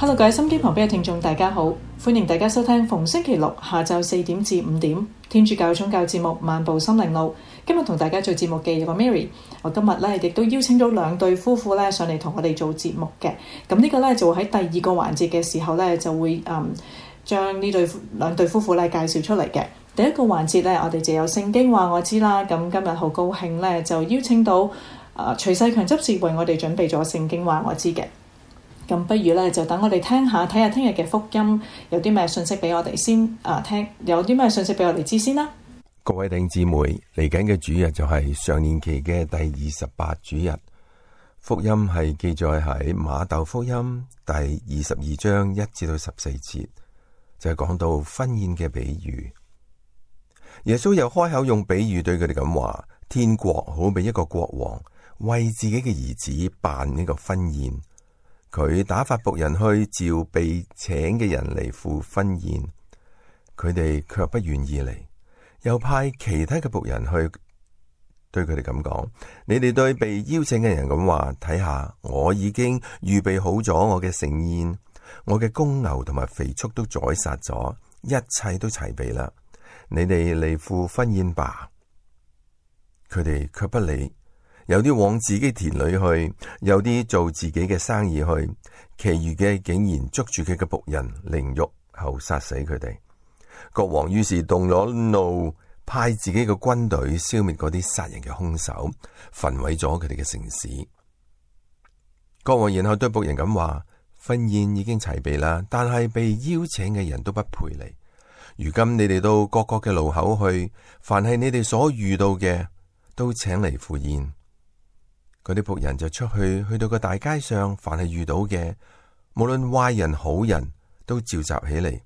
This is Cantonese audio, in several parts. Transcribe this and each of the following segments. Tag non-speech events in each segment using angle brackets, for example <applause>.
hello，各位心機旁邊嘅聽眾，大家好，歡迎大家收聽逢星期六下晝四點至五點天主教宗教節目《漫步心靈路》。今日同大家做節目嘅有個 Mary，我今日咧亦都邀請到兩對夫婦咧上嚟同我哋做節目嘅。咁呢個咧就會喺第二個環節嘅時候咧就會嗯將呢對兩對夫婦咧介紹出嚟嘅。第一個環節咧，我哋就有聖經話我知啦。咁今日好高興咧，就邀請到誒、呃、徐世強執事為我哋準備咗聖經話我知嘅。咁不如咧，就等我哋聽下，睇下聽日嘅福音有啲咩信息俾我哋先。啊，聽有啲咩信息俾我哋知先啦。各位弟兄姊妹，嚟緊嘅主日就係上年期嘅第二十八主日，福音係記載喺馬竇福音第二十二章一至到十四節，就係、是、講到婚宴嘅比喻。耶穌又開口用比喻對佢哋咁話：天國好比一個國王為自己嘅兒子辦呢個婚宴。佢打發僕人去召被請嘅人嚟赴婚宴，佢哋卻不願意嚟，又派其他嘅僕人去對佢哋咁講：你哋對被邀請嘅人咁話，睇下我已經預備好咗我嘅盛宴，我嘅公牛同埋肥畜都宰殺咗，一切都齊備啦，你哋嚟赴婚宴吧。佢哋卻不理。有啲往自己田裏去，有啲做自己嘅生意去，其餘嘅竟然捉住佢嘅僕人凌辱後殺死佢哋。國王於是動咗怒，派自己嘅軍隊消滅嗰啲殺人嘅凶手，焚毀咗佢哋嘅城市。國王然後對僕人咁話：婚宴已經齊備啦，但係被邀請嘅人都不陪嚟。如今你哋到各國嘅路口去，凡係你哋所遇到嘅，都請嚟赴宴。嗰啲僕人就出去，去到個大街上，凡係遇到嘅，無論壞人好人，都召集起嚟，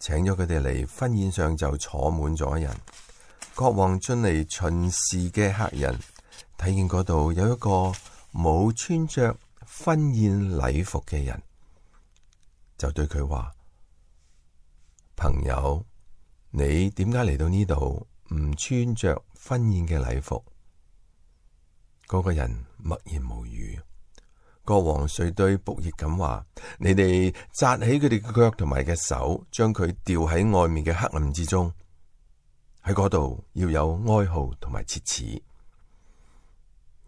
請咗佢哋嚟婚宴上就坐滿咗人。國王進嚟巡視嘅客人，睇見嗰度有一個冇穿着婚宴禮服嘅人，就對佢話：朋友，你點解嚟到呢度唔穿着婚宴嘅禮服？嗰個人默然無語。國王遂對僕役咁話：你哋紮起佢哋嘅腳同埋嘅手，將佢吊喺外面嘅黑暗之中。喺嗰度要有哀號同埋切齒，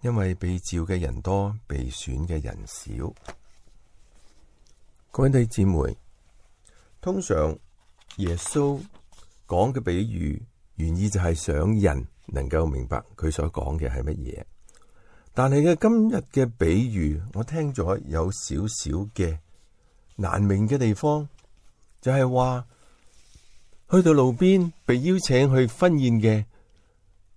因為被召嘅人多，被選嘅人少。各位弟兄姊妹，通常耶穌講嘅比喻，原意就係想人能夠明白佢所講嘅係乜嘢。但係嘅今日嘅比喻，我聽咗有少少嘅難明嘅地方，就係、是、話去到路邊被邀請去婚宴嘅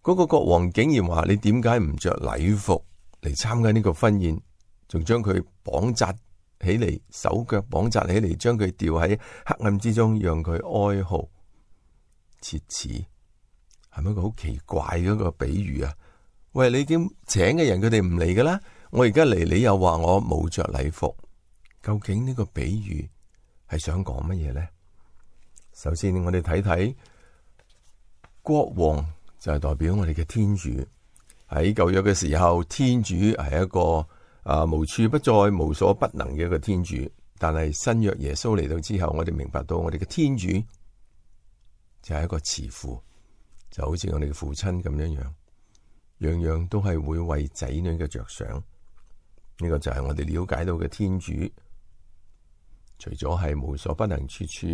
嗰、那個國王，竟然話你點解唔着禮服嚟參加呢個婚宴，仲將佢綁紮起嚟，手腳綁紮起嚟，將佢吊喺黑暗之中，讓佢哀嚎、切齒，係咪一個好奇怪嘅一個比喻啊？喂，你點請嘅人佢哋唔嚟噶啦？我而家嚟，你又話我冇着禮服，究竟呢個比喻係想講乜嘢咧？首先我哋睇睇國王就係代表我哋嘅天主。喺舊約嘅時候，天主係一個啊無處不在、無所不能嘅一個天主。但係新約耶穌嚟到之後，我哋明白到我哋嘅天主就係一個慈父，就好似我哋嘅父親咁樣樣。樣樣都係會為仔女嘅着想，呢個就係我哋了解到嘅天主，除咗係無所不能，處處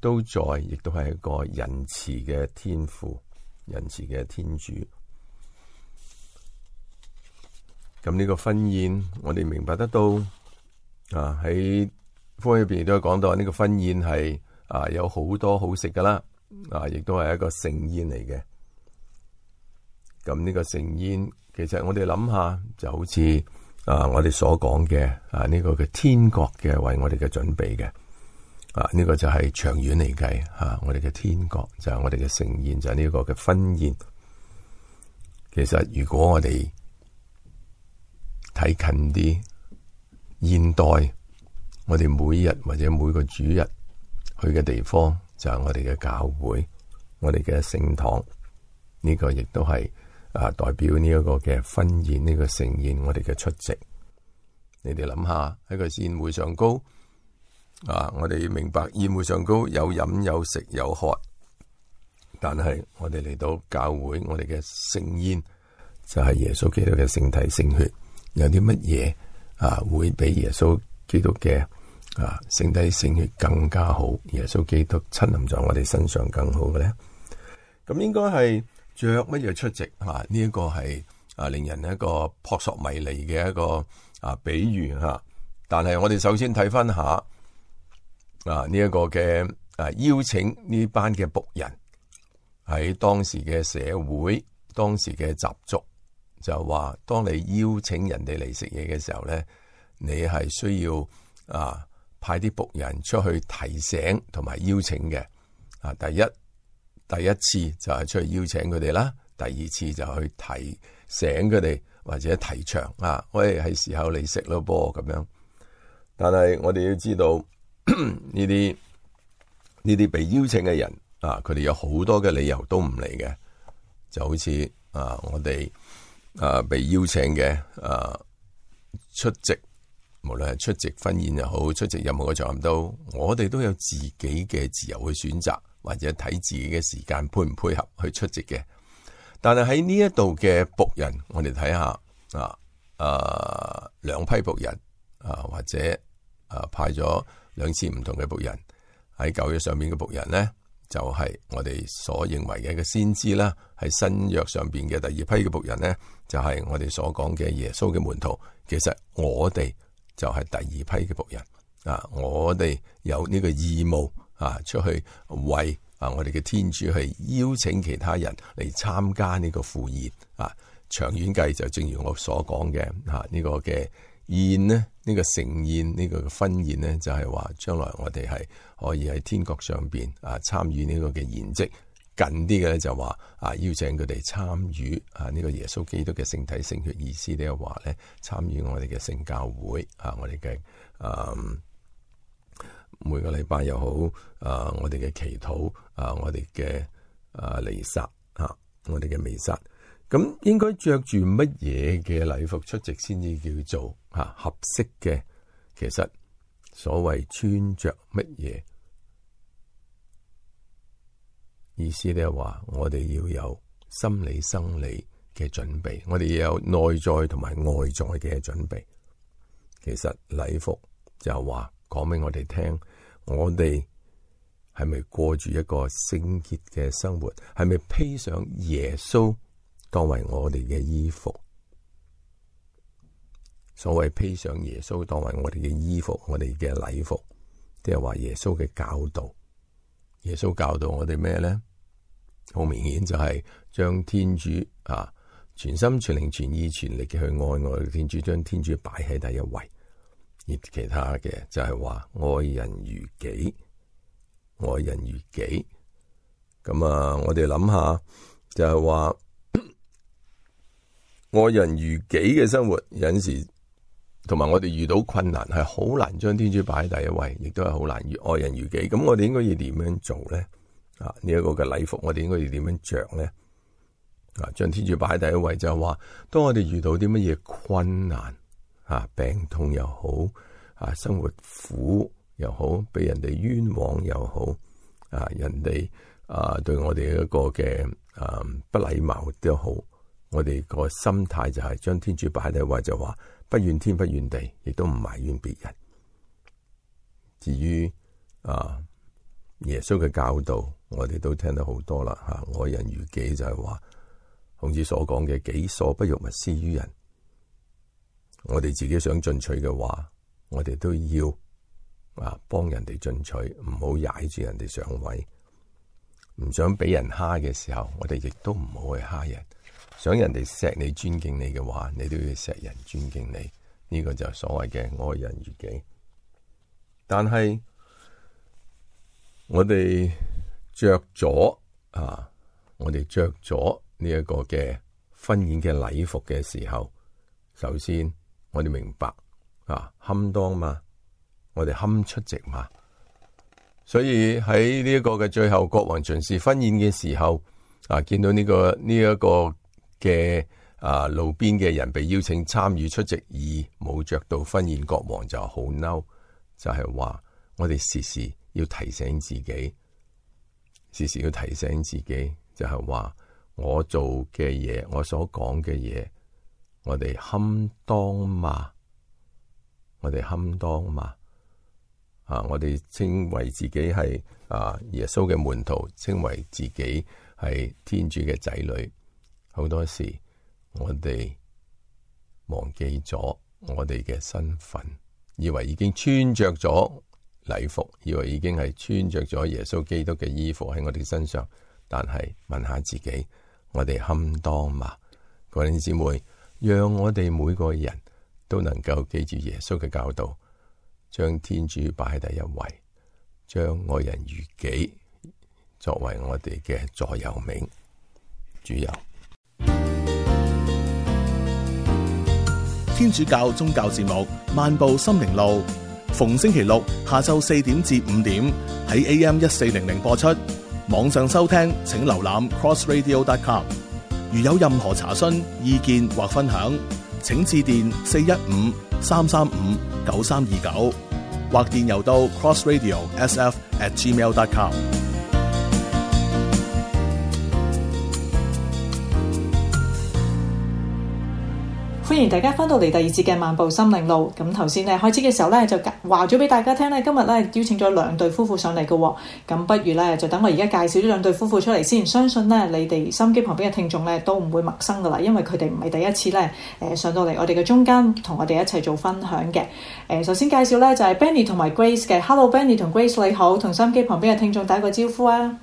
都在，亦都係一個仁慈嘅天父、仁慈嘅天主。咁呢個婚宴，我哋明白得到啊，喺福音裏邊亦都講到，呢個婚宴係啊有好多好食，噶啦，啊亦都係一個盛宴嚟嘅。咁呢個盛宴，其實我哋諗下就好似啊，我哋所講嘅啊，呢個嘅天國嘅為我哋嘅準備嘅啊，呢個就係長遠嚟計吓，我哋嘅天國就係我哋嘅盛宴，就係呢個嘅婚宴。其實如果我哋睇近啲現代，我哋每日或者每個主日去嘅地方就係我哋嘅教會，我哋嘅聖堂呢個亦都係。啊！代表呢一個嘅婚宴、呢個盛宴，我哋嘅出席，你哋諗下喺個宴會上高啊！我哋明白宴會上高有飲有食有喝，但係我哋嚟到教會，我哋嘅盛宴就係耶穌基督嘅聖體聖血。有啲乜嘢啊會比耶穌基督嘅，啊聖體聖血更加好？耶穌基督親臨在我哋身上更好嘅咧？咁應該係。着乜嘢出席？吓，啊，呢、這、一個係啊令人一個撲朔迷離嘅一個啊比喻吓。但係我哋首先睇翻下啊呢一、這個嘅啊邀請呢班嘅僕人喺當時嘅社會，當時嘅習俗就話：當你邀請人哋嚟食嘢嘅時候咧，你係需要啊派啲僕人出去提醒同埋邀請嘅啊第一。第一次就係出去邀請佢哋啦，第二次就去提醒佢哋或者提倡：「啊，喂，係時候你食咯噃」咁樣。但係我哋要知道呢啲呢啲被邀請嘅人啊，佢哋有好多嘅理由都唔嚟嘅，就好似啊我哋啊被邀請嘅啊出席，無論係出席婚宴又好，出席任何嘅場合都，我哋都有自己嘅自由去選擇。或者睇自己嘅時間配唔配合去出席嘅，但係喺呢一度嘅僕人，我哋睇下啊，誒、啊，兩批僕人啊，或者啊派咗兩次唔同嘅僕人喺舊約上邊嘅僕人咧，就係、是、我哋所認為嘅嘅先知啦，係新約上邊嘅第二批嘅僕人咧，就係、是、我哋所講嘅耶穌嘅門徒。其實我哋就係第二批嘅僕人啊，我哋有呢個義務。啊！出去為啊我哋嘅天主去邀請其他人嚟參加呢個赴宴啊！長遠計就正如我所講嘅吓，呢個嘅宴咧，呢個盛宴，呢個婚宴呢就係話將來我哋係可以喺天國上邊啊參與呢個嘅筵席。近啲嘅咧就話啊邀請佢哋參與啊呢個耶穌基督嘅聖體，聖體，聖血意思呢個話咧，參與我哋嘅聖教會啊我哋嘅啊。嗯每個禮拜又好，誒、呃，我哋嘅祈禱，誒、呃，我哋嘅誒彌撒，吓、呃啊，我哋嘅彌撒，咁、啊、應該着住乜嘢嘅禮服出席先至叫做吓、啊、合適嘅、啊？其實所謂穿着乜嘢意思咧，係話我哋要有心理生理嘅準備，我哋要有內在同埋外在嘅準備。其實禮服就係話。講俾我哋聽，我哋係咪過住一個聖潔嘅生活？係咪披上耶穌當為我哋嘅衣服？所謂披上耶穌當為我哋嘅衣服，我哋嘅禮服，即係話耶穌嘅教導。耶穌教導我哋咩咧？好明顯就係將天主啊，全心全靈全意全力嘅去愛我哋嘅天主，將天主擺喺第一位。其他嘅就係話愛人如己，愛人如己，啊， <coughs> 愛人如己。咁啊，我哋諗下，就係話愛人如己嘅生活，有時同埋我哋遇到困難係好難將天主擺喺第一位，亦都係好難越愛人如己。咁我哋應該要點樣做咧？啊，呢一個嘅禮服我哋應該要點樣着咧？啊，將天主擺喺第一位就係話，當我哋遇到啲乜嘢困難。啊，病痛又好，啊，生活苦又好，俾人哋冤枉又好，啊，人哋啊，對我哋一個嘅啊不禮貌都好，我哋個心態就係將天主擺低，或者話不怨天不怨地，亦都唔埋怨別人。至於啊，耶穌嘅教導，我哋都聽得好多啦。啊，愛人如己就係話，孔子所講嘅己所不欲，勿施於人。我哋自己想進取嘅話，我哋都要啊幫人哋進取，唔好踩住人哋上位。唔想俾人蝦嘅時候，我哋亦都唔好去蝦人。想人哋錫你尊敬你嘅話，你都要錫人尊敬你。呢個就係所謂嘅愛人如己。但係我哋着咗啊，我哋着咗呢一個嘅婚宴嘅禮服嘅時候，首先。我哋明白啊，堪當嘛，我哋堪出席嘛，所以喺呢一個嘅最後國王巡視婚宴嘅時候，啊，見到呢個呢一個嘅啊路邊嘅人被邀請參與出席而冇着到婚宴，國王就好嬲，就係話我哋時時要提醒自己，時時要提醒自己，就係話我做嘅嘢，我所講嘅嘢。我哋堪當嘛？我哋堪當嘛？啊！我哋稱為自己係啊耶穌嘅門徒，稱為自己係天主嘅仔女。好多時我哋忘記咗我哋嘅身份，以為已經穿着咗禮服，以為已經係穿着咗耶穌基督嘅衣服喺我哋身上。但係問下自己，我哋堪當嘛？各位姊妹。讓我哋每個人都能夠記住耶穌嘅教導，將天主擺喺第一位，將愛人如己作為我哋嘅座右銘。主佑。天主教宗教節目《漫步心靈路》，逢星期六下晝四點至五點喺 AM 一四零零播出，網上收聽請瀏覽 crossradio.com。如有任何查詢、意見或分享，請致電四一五三三五九三二九，29, 或電郵到 crossradiosf@gmail.com。歡迎大家返到嚟第二節嘅漫步心靈路。咁頭先咧開始嘅時候咧就話咗俾大家聽咧，今日咧邀請咗兩對夫婦上嚟嘅、哦。咁不如咧就等我而家介紹咗兩對夫婦出嚟先。相信咧你哋心機旁邊嘅聽眾咧都唔會陌生㗎喇，因為佢哋唔係第一次咧誒、呃、上到嚟我哋嘅中間同我哋一齊做分享嘅。誒、呃，首先介紹咧就係、是、ben Benny 同埋 Grace 嘅。Hello，Benny 同 Grace 你好，同心機旁邊嘅聽眾打個招呼啊！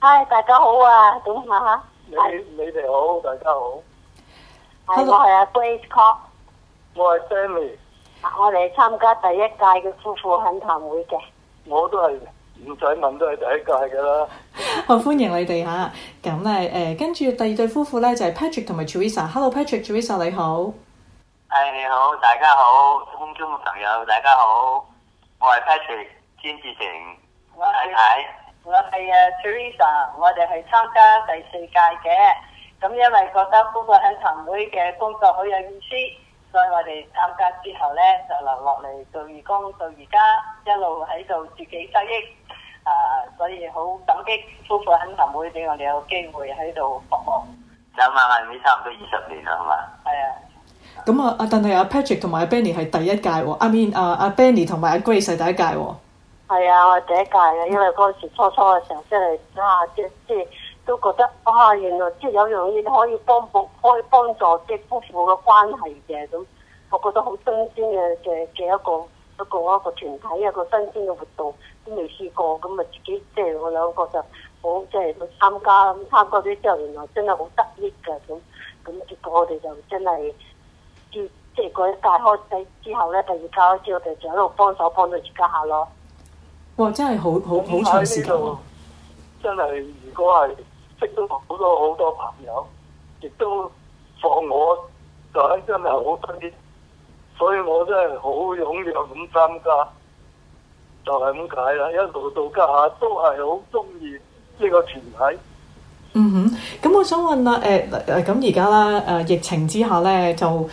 嗨，大家好啊，中午啊，你你哋好，大家好。Hello，我係阿 Grace Cop，我係 Sammy。我嚟參加第一屆嘅夫婦懇談會嘅。我都係，唔使問都係第一屆噶啦。 <laughs> 好歡迎你哋吓，咁咧誒，跟、呃、住第二對夫婦咧就係、是、Pat Patrick 同埋 Teresa。Hello，Patrick，Teresa 你好。係、hey，你好，大家好，空中嘅朋友大家好，我係 Patrick 詹志成。係係係啊，Teresa，我哋係參加第四屆嘅。咁因為覺得夫婦懇談會嘅工作好有意思，所以我哋參加之後咧就留落嚟做義工，到而家一路喺度自己收益，啊，所以好感激夫婦懇談會俾我哋有機會喺度服務。咁啊，你參加咗差唔多二十年啦，係嘛？係啊。咁啊，啊，但係阿 Patrick 同埋阿 Benny 係第一屆喎。I mean，啊，阿 Benny 同埋阿 Grace 係第一屆喎。係啊，我係第一屆嘅，因為嗰時初初嘅時候即係諗下即即。都覺得啊，原來即係有樣嘢可以幫補，可以幫助即係夫婦嘅關係嘅，咁，我覺得好新鮮嘅嘅嘅一個一個一個團體，一個新鮮嘅活動都未試過，咁啊，自己即係我兩個就好即係去參加，咁參加咗之後，原來真係好得益㗎，咁咁結果我哋就真係即係嗰一屆開始之後咧，第二屆開始，我哋就喺度幫手，幫到而家下咯。哇！真係好好好長時間，啊。真係如果係。識到好多好多朋友，亦都放我，就係、是、真係好得意，所以我真係好踴躍咁參加，就係、是、咁解啦。一路到家下都係好中意呢個團體。嗯哼，咁我想問啦，誒、呃，咁而家啦，誒、呃、疫情之下咧就。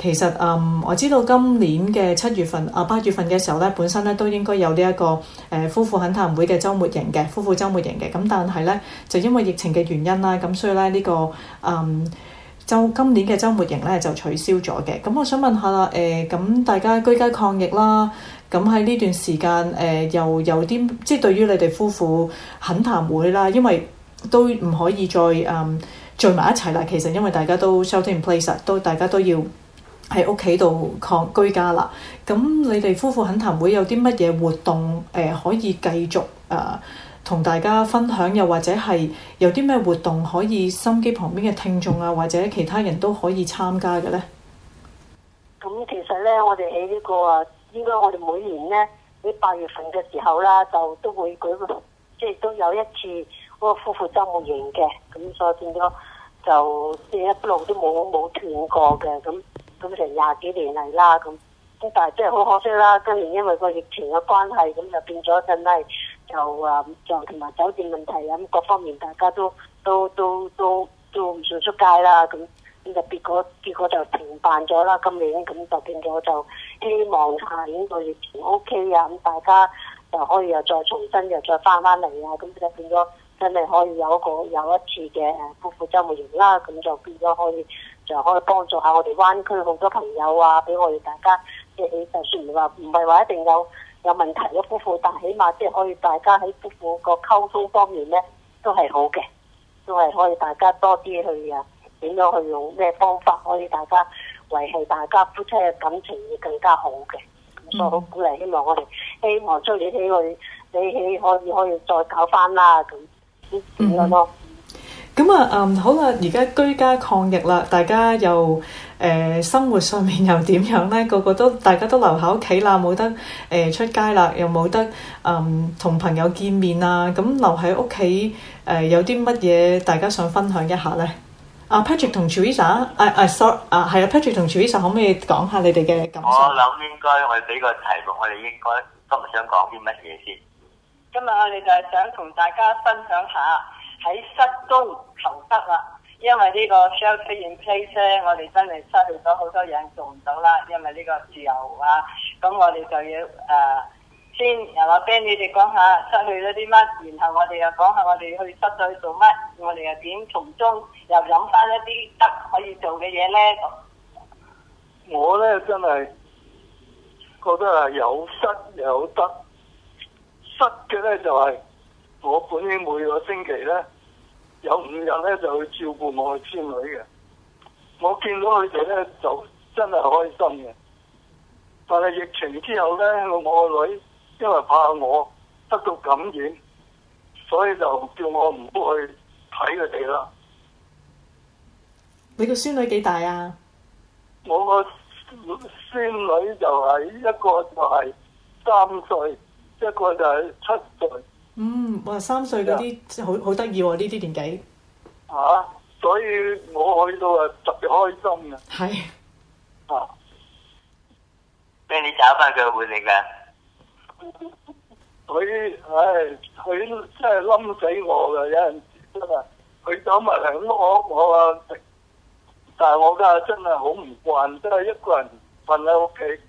其實誒我知道今年嘅七月份啊八月份嘅時候咧，本身咧都應該有呢一個誒夫婦懇談會嘅週末營嘅，夫婦週末營嘅，咁但係咧就因為疫情嘅原因啦，咁所以咧呢個誒周今年嘅週末營咧就取消咗嘅。咁我想問下啦，誒咁大家居家抗疫啦，咁喺呢段時間誒又有啲即係對於你哋夫婦懇談會啦，因為都唔可以再誒聚埋一齊啦。其實因為大家都 shelter in place 都大家都要。喺屋企度抗居家啦。咁你哋夫婦懇談會有啲乜嘢活動？誒、呃、可以繼續誒、呃、同大家分享，又或者係有啲咩活動可以心機旁邊嘅聽眾啊，或者其他人都可以參加嘅咧？咁、嗯、其實咧，我哋喺呢個啊，應該我哋每年咧喺八月份嘅時候啦，就都會舉個即係都有一次嗰個、哦、夫婦週末營嘅，咁、嗯、所以變咗就，就即一路都冇冇斷過嘅咁。嗯咁成廿幾年嚟啦，咁但係真係好可惜啦。今年因為個疫情嘅關係，咁就變咗真係就啊，就同埋酒店問題啊，咁各方面大家都都都都都唔想出街啦。咁咁就結果結果就停辦咗啦。今年咁就變咗就希望下年個疫情 OK 啊，咁大家就可以又再重新又再返返嚟啊。咁就變咗真係可以有一個有一次嘅誒夫婦週末營啦。咁就變咗可以。就可以幫助下我哋灣區好多朋友啊，俾我哋大家即係就算唔唔係話一定有有問題嘅夫婦，但起碼即係可以大家喺夫婦個溝通方面咧都係好嘅，都係可以大家多啲去啊，點樣去用咩方法可以大家維係大家夫妻嘅感情會更加好嘅，咁所以好鼓勵，希望我哋希望出年起去你起，你起可以可以再搞返啦咁，嗯嗯。咁啊，嗯，好啦，而家居家抗疫啦，大家又，誒，生活上面又點樣咧？個個都，大家都留喺屋企啦，冇得，誒，出街啦，又冇得，嗯，同朋友見面啊，咁留喺屋企，誒，有啲乜嘢大家想分享一下咧？阿 Patrick 同 Trisha，誒誒，sorry，啊係啊，Patrick 同 Trisha 可唔可以講下你哋嘅感受？我諗應該我哋俾個題目，我哋應該今日想講啲乜嘢先？今日我哋就係想同大家分享下。喺失中求得啦，因為呢個 shelter in place 咧，我哋真係失去咗好多嘢，做唔到啦。因為呢個自由啊，咁我哋就要誒、啊、先，又話畀你哋講下失去咗啲乜，然後我哋又講下我哋去失去做乜，我哋又點從中又諗翻一啲得可以做嘅嘢咧。我咧真係覺得係有失有得，失嘅咧就係、是。我本應每個星期咧有五日咧就去照顧我嘅孫女嘅，我見到佢哋咧就真係開心嘅。但係疫情之後咧，我我個女因為怕我得到感染，所以就叫我唔好去睇佢哋啦。你個孫女幾大啊？我個孫女就係一個就係三歲，一個就係七歲。嗯，哇！三歲嗰啲即係好好得意喎，呢啲年紀嚇、啊，所以我去到啊特別開心的啊！係啊，畀你搞翻佢換嚟㗎？佢、哎、唉，佢真係冧死我㗎！有陣時真係佢走埋嚟，我我話，但係我家下真係好唔慣，真係一個人瞓喺屋企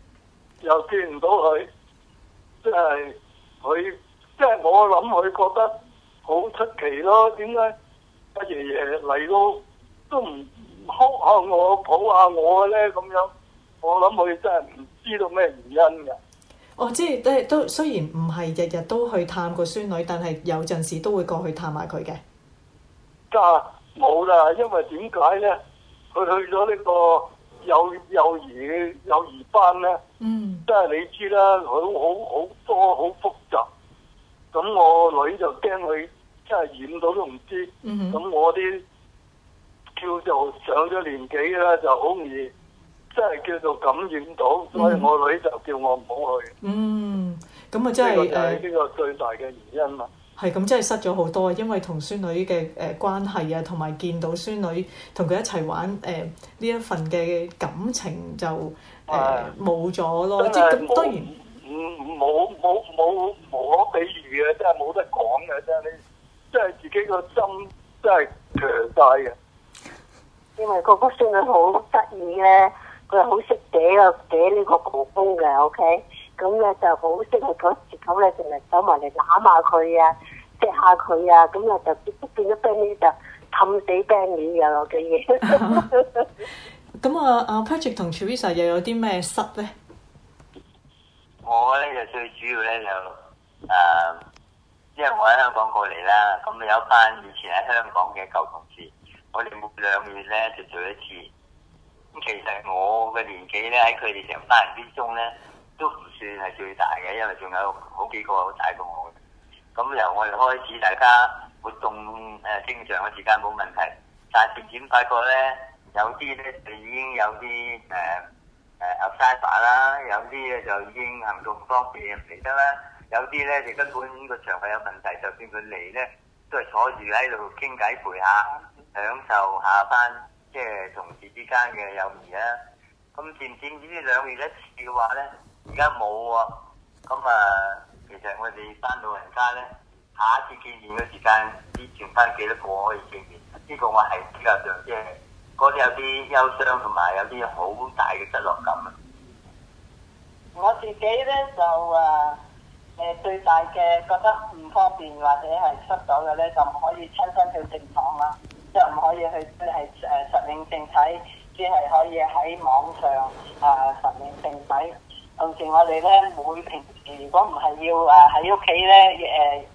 又見唔到佢，真係佢。即係我諗佢覺得好出奇咯，點解阿爺爺嚟到都唔哭下我抱下我咧？咁樣我諗佢真係唔知道咩原因嘅。哦，即係都都雖然唔係日日都去探個孫女，但係有陣時都會過去探埋佢嘅。家冇啦，因為點解咧？佢去咗呢個幼幼兒嘅幼兒班咧，嗯，即係你知啦，好好好多好複雜。咁我女就驚佢真係染到都唔知，咁、嗯、哼我啲叫做上咗年紀啦，就好容易，真係叫做感染到，嗯、所以我女就叫我唔好去。嗯，咁啊真係呢個最大嘅原因啦。係、嗯，咁真係失咗好多，因為同孫女嘅誒、呃、關係啊，同埋見到孫女同佢一齊玩誒呢、呃、一份嘅感情就誒冇咗咯。即係咁當然。冇冇冇冇可比喻嘅，真係冇得講嘅，真係你，真係自己個心真係強大嘅。因為個孫女好得意咧，佢係好識嗲啊嗲呢個狂風嘅，OK、嗯。咁咧就好識嗰時狗咧成日走埋嚟攬下佢啊，即下佢啊，咁啊就變咗變咗 Benny 就氹死 Benny 又有嘅嘢。咁啊啊 Patrick 同 Twisa 又有啲咩失咧？我呢就最主要呢，就，誒、啊，因為我喺香港過嚟啦，咁有一班以前喺香港嘅舊同事，我哋每兩個月呢就做一次。咁其實我嘅年紀呢，喺佢哋成班人之中呢，都唔算係最大嘅，因為仲有好幾個好大過我，咁由我哋開始，大家活動誒正常嘅時間冇問題，但係點發覺呢？有啲呢，就已經有啲誒。啊誒阿曬化啦，有啲嘢就已經行動唔方便嚟得啦，有啲咧就根本個腸胃有問題，就算佢嚟咧，都係坐住喺度傾偈陪下，享受下班即係同事之間嘅友誼啦。咁、嗯、漸漸兩呢兩月一次嘅話咧，而家冇喎。咁啊、嗯、啊，其實我哋班老人家咧，下一次見面嘅時間，啲剩返幾多個可以見面？呢、這個我係比較上即嗰啲有啲憂傷同埋有啲好大嘅失落感啊！我自己咧就啊誒、呃、最大嘅覺得唔方便或者係失咗嘅咧，就唔可以親身去證牀啦，即又唔可以去係誒、呃、實名證睇，只係可以喺網上啊、呃、實名證睇。同時我哋咧每平時如果唔係要啊喺屋企咧誒。呃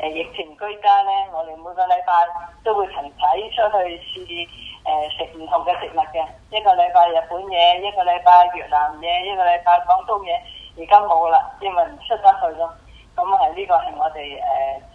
誒、呃、疫情居家咧，我哋每個禮拜都會同仔出去試誒、呃、食唔同嘅食物嘅。一個禮拜日本嘢，一個禮拜越南嘢，一個禮拜廣東嘢。而家冇啦，因為唔出得去咯。咁係呢個係我哋誒，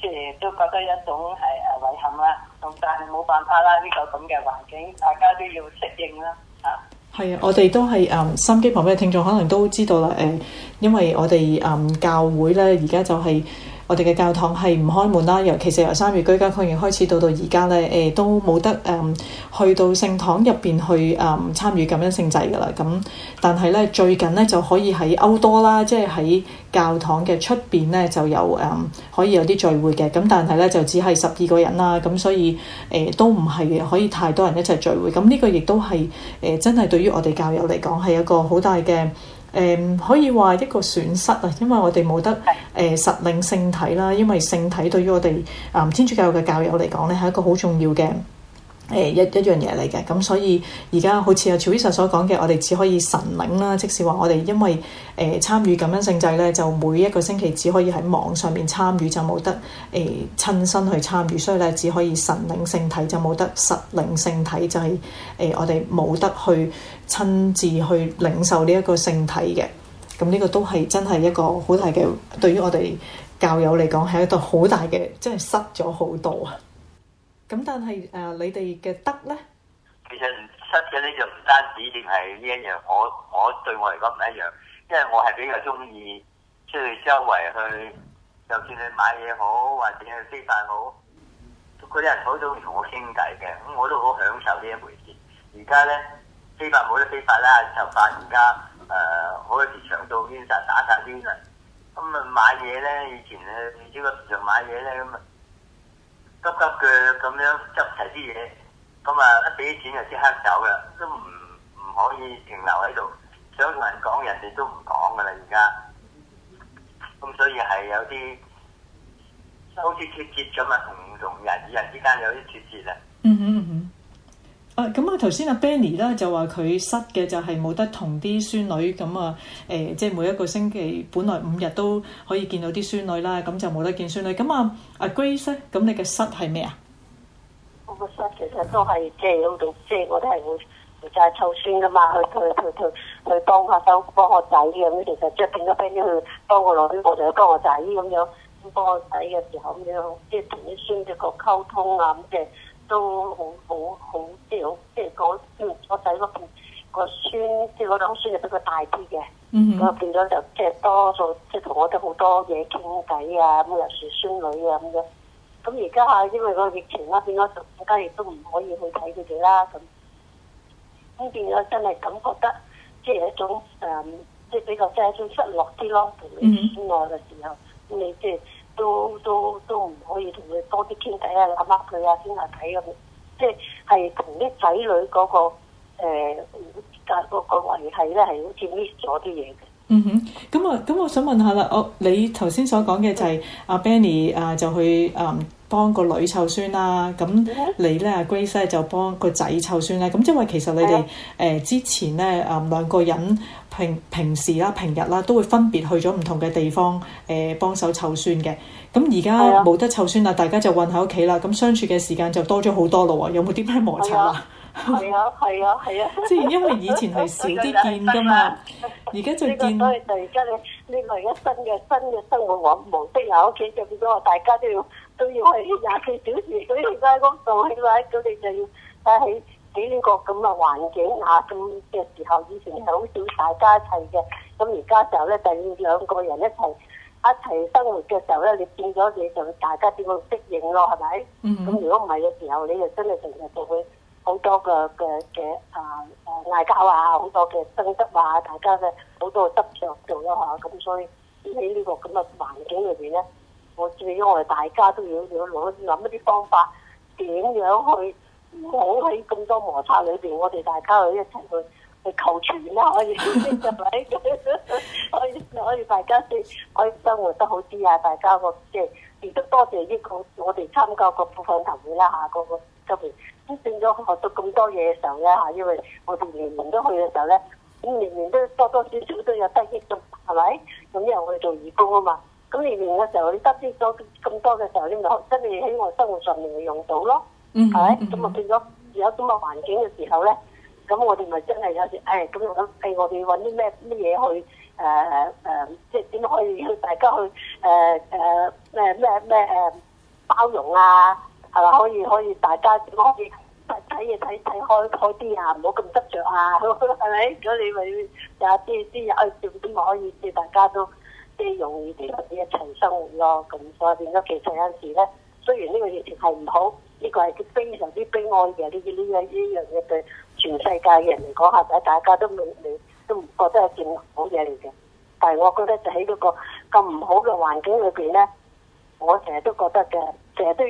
即、呃、係都覺得一種係誒、呃、遺憾啦。咁但係冇辦法啦，呢、這個咁嘅環境，大家都要適應啦。嚇、啊，係啊，我哋都係誒、呃、心機旁邊嘅聽眾，可能都知道啦。誒、呃，嗯、因為我哋誒、呃、教會咧，而家就係、是。我哋嘅教堂係唔開門啦，尤其是由三月居家抗疫開始到到而家咧，誒、呃、都冇得誒、呃、去到聖堂入邊去誒參與咁樣聖祭㗎啦。咁但係咧最近咧就可以喺 outdoor 啦，即係喺教堂嘅出邊咧就有誒、呃、可以有啲聚會嘅。咁但係咧就只係十二個人啦。咁所以誒、呃、都唔係可以太多人一齊聚會。咁呢個亦都係誒真係對於我哋教友嚟講係一個好大嘅。誒、um, 可以話係一個損失，因為我哋冇得誒、呃、實領聖體啦，因為聖體對於我哋、嗯、天主教嘅教友嚟講咧係一個好重要嘅。誒、欸、一一樣嘢嚟嘅，咁、嗯、所以而家好似阿喬醫生所講嘅，我哋只可以神領啦。即使話我哋因為誒參與感恩聖祭咧，就每一個星期只可以喺網上面參與，就冇得誒親、呃、身去參與，所以咧只可以神領聖體，就冇得實領聖體，就係、是、誒、呃、我哋冇得去親自去領受呢、嗯這個、一個聖體嘅。咁呢個都係真係一個好大嘅，對於我哋教友嚟講係一個好大嘅，真係失咗好多啊！咁、嗯、但係誒、呃，你哋嘅得咧？其實得嘅咧就唔單止淨係呢一樣，我我對我嚟講唔一樣，因為我係比較中意出去周圍去，就算你買嘢好，或者去飛發好，嗰啲人好中意同我傾偈嘅，咁我都好享受呢一回事。而家咧，飛發冇得飛髮啦，頭髮而家誒好多時長到牽紮打曬牽紮，咁、嗯、啊買嘢咧，以前你呢個市場，場買嘢咧咁啊。嗯嗯急急腳咁樣執齊啲嘢，咁啊一俾錢就即刻走啦，都唔唔可以停留喺度，想人人同人講，人哋都唔講噶啦，而家，咁所以係有啲，好似脫節咁啊，同同人與人之間有啲脫節啊、嗯。嗯嗯嗯。啊，咁啊，頭先阿 Benny 咧就話佢失嘅就係冇得同啲孫女咁啊，誒，即係每一個星期，本來五日都可以見到啲孫女啦，咁就冇得見孫女。咁啊，阿 Grace 咧，咁你嘅失係咩啊？我個失其實都係即係嗰度，即、就、係、是就是、我都係會就係湊孫噶嘛，去去去去去幫下手幫我仔咁。其實即係變咗 friend 去幫我攞啲，我就去幫我仔咁樣，幫我仔嘅時候咁樣，即係同啲孫嘅個溝通啊咁嘅。都好好好，即係好、mm hmm.，即係講，嗯，我仔個變個孫，即係我老公孫就比較大啲嘅，咁變咗就即係多數即係同我哋好多嘢傾偈啊，咁啊尤其是孫女啊咁樣，咁而家啊因為個疫情啦，變咗就大家亦都唔可以去睇佢哋啦，咁咁變咗真係感覺得即係一種誒，即係比較即係一種失落啲咯、啊，同你孫我嘅時候，咁、mm hmm. 嗯、你即係。都都都唔可以同佢多啲傾偈啊，揦攬佢啊，傾下偈咁、啊，即係同啲仔女嗰、嗰個誒隔嗰咧，係、呃那個呃那個，好似 miss 咗啲嘢嘅。嗯哼，咁啊，咁我想問下啦，我你頭先所講嘅就係阿 Benny 啊，就去啊幫個女湊孫啦，咁你咧阿 Grace 就幫個仔湊孫咧，咁因為其實你哋誒之前咧啊兩個人。平平時啦、平日啦，都會分別去咗唔同嘅地方，誒、呃、幫手湊孫嘅。咁而家冇得湊孫啦，大家就困喺屋企啦。咁相處嘅時間就多咗好多咯喎。有冇啲咩摩擦啊？係啊，係啊，係啊。即係因為以前係少啲見㗎嘛，而家 <laughs> 了就見。所以就而家你呢個係新嘅新嘅生活，我唔冇逼喺屋企，就變咗話大家都要都要係廿四小時都要喺屋企嘅話，咁你就要但喺。喺呢個咁嘅環境啊，咁嘅時候，以前係好少大家一齊嘅，咁而家嘅時候咧，就兩個人一齊一齊生活嘅時候咧，你變咗你就大家點樣適應咯，係咪？咁、mm hmm. 如果唔係嘅時候，你就真係成日就會好多嘅嘅嘅啊誒，嗌交啊，好、啊啊、多嘅爭執啊，大家嘅好多執着度咯嚇。咁、啊啊、所以喺呢個咁嘅環境裏邊咧，我最因為大家都要要攞諗一啲方法點樣去。唔好喺咁多摩擦裏邊，我哋大家去一齊去去求存啦、啊，可以，係咪？可以可以大家即可以生活得好啲啊！大家謝謝、這個即係亦都多謝呢個我哋參加個部分籌會啦嚇，啊、個個今年咁變咗學到咁多嘢嘅時候咧嚇、啊，因為我哋年年都去嘅時候咧，咁、嗯、年年都多多少少都有得益咁，係咪？咁因為我哋做義工啊嘛，咁年年嘅時候你得益咗咁多嘅時候，你咪真係喺我生活上面會用到咯。係咪？咁啊、 <noise> 嗯、變咗而家咁嘅環境嘅時候咧，咁我哋咪真係有時，誒咁咁，誒我哋揾啲咩咩嘢去誒誒、呃呃呃，即係點可以大家去誒誒咩咩咩包容啊？係咪可以可以大家點可以睇嘢睇睇開開啲啊？唔好咁執着啊，係咪？如 <laughs> 果你咪有啲啲啊，點點咪可以即係大家都即係容易啲一齊生活咯、啊。咁所以變咗其實有陣時咧，雖然呢個疫情係唔好。呢個係非常之悲哀嘅，呢呢樣呢樣嘢對全世界嘅人嚟講，係咪大家都未未都唔覺得係件好嘢嚟嘅。但係我覺得就喺嗰個咁唔好嘅環境裏邊咧，我成日都覺得嘅，成日都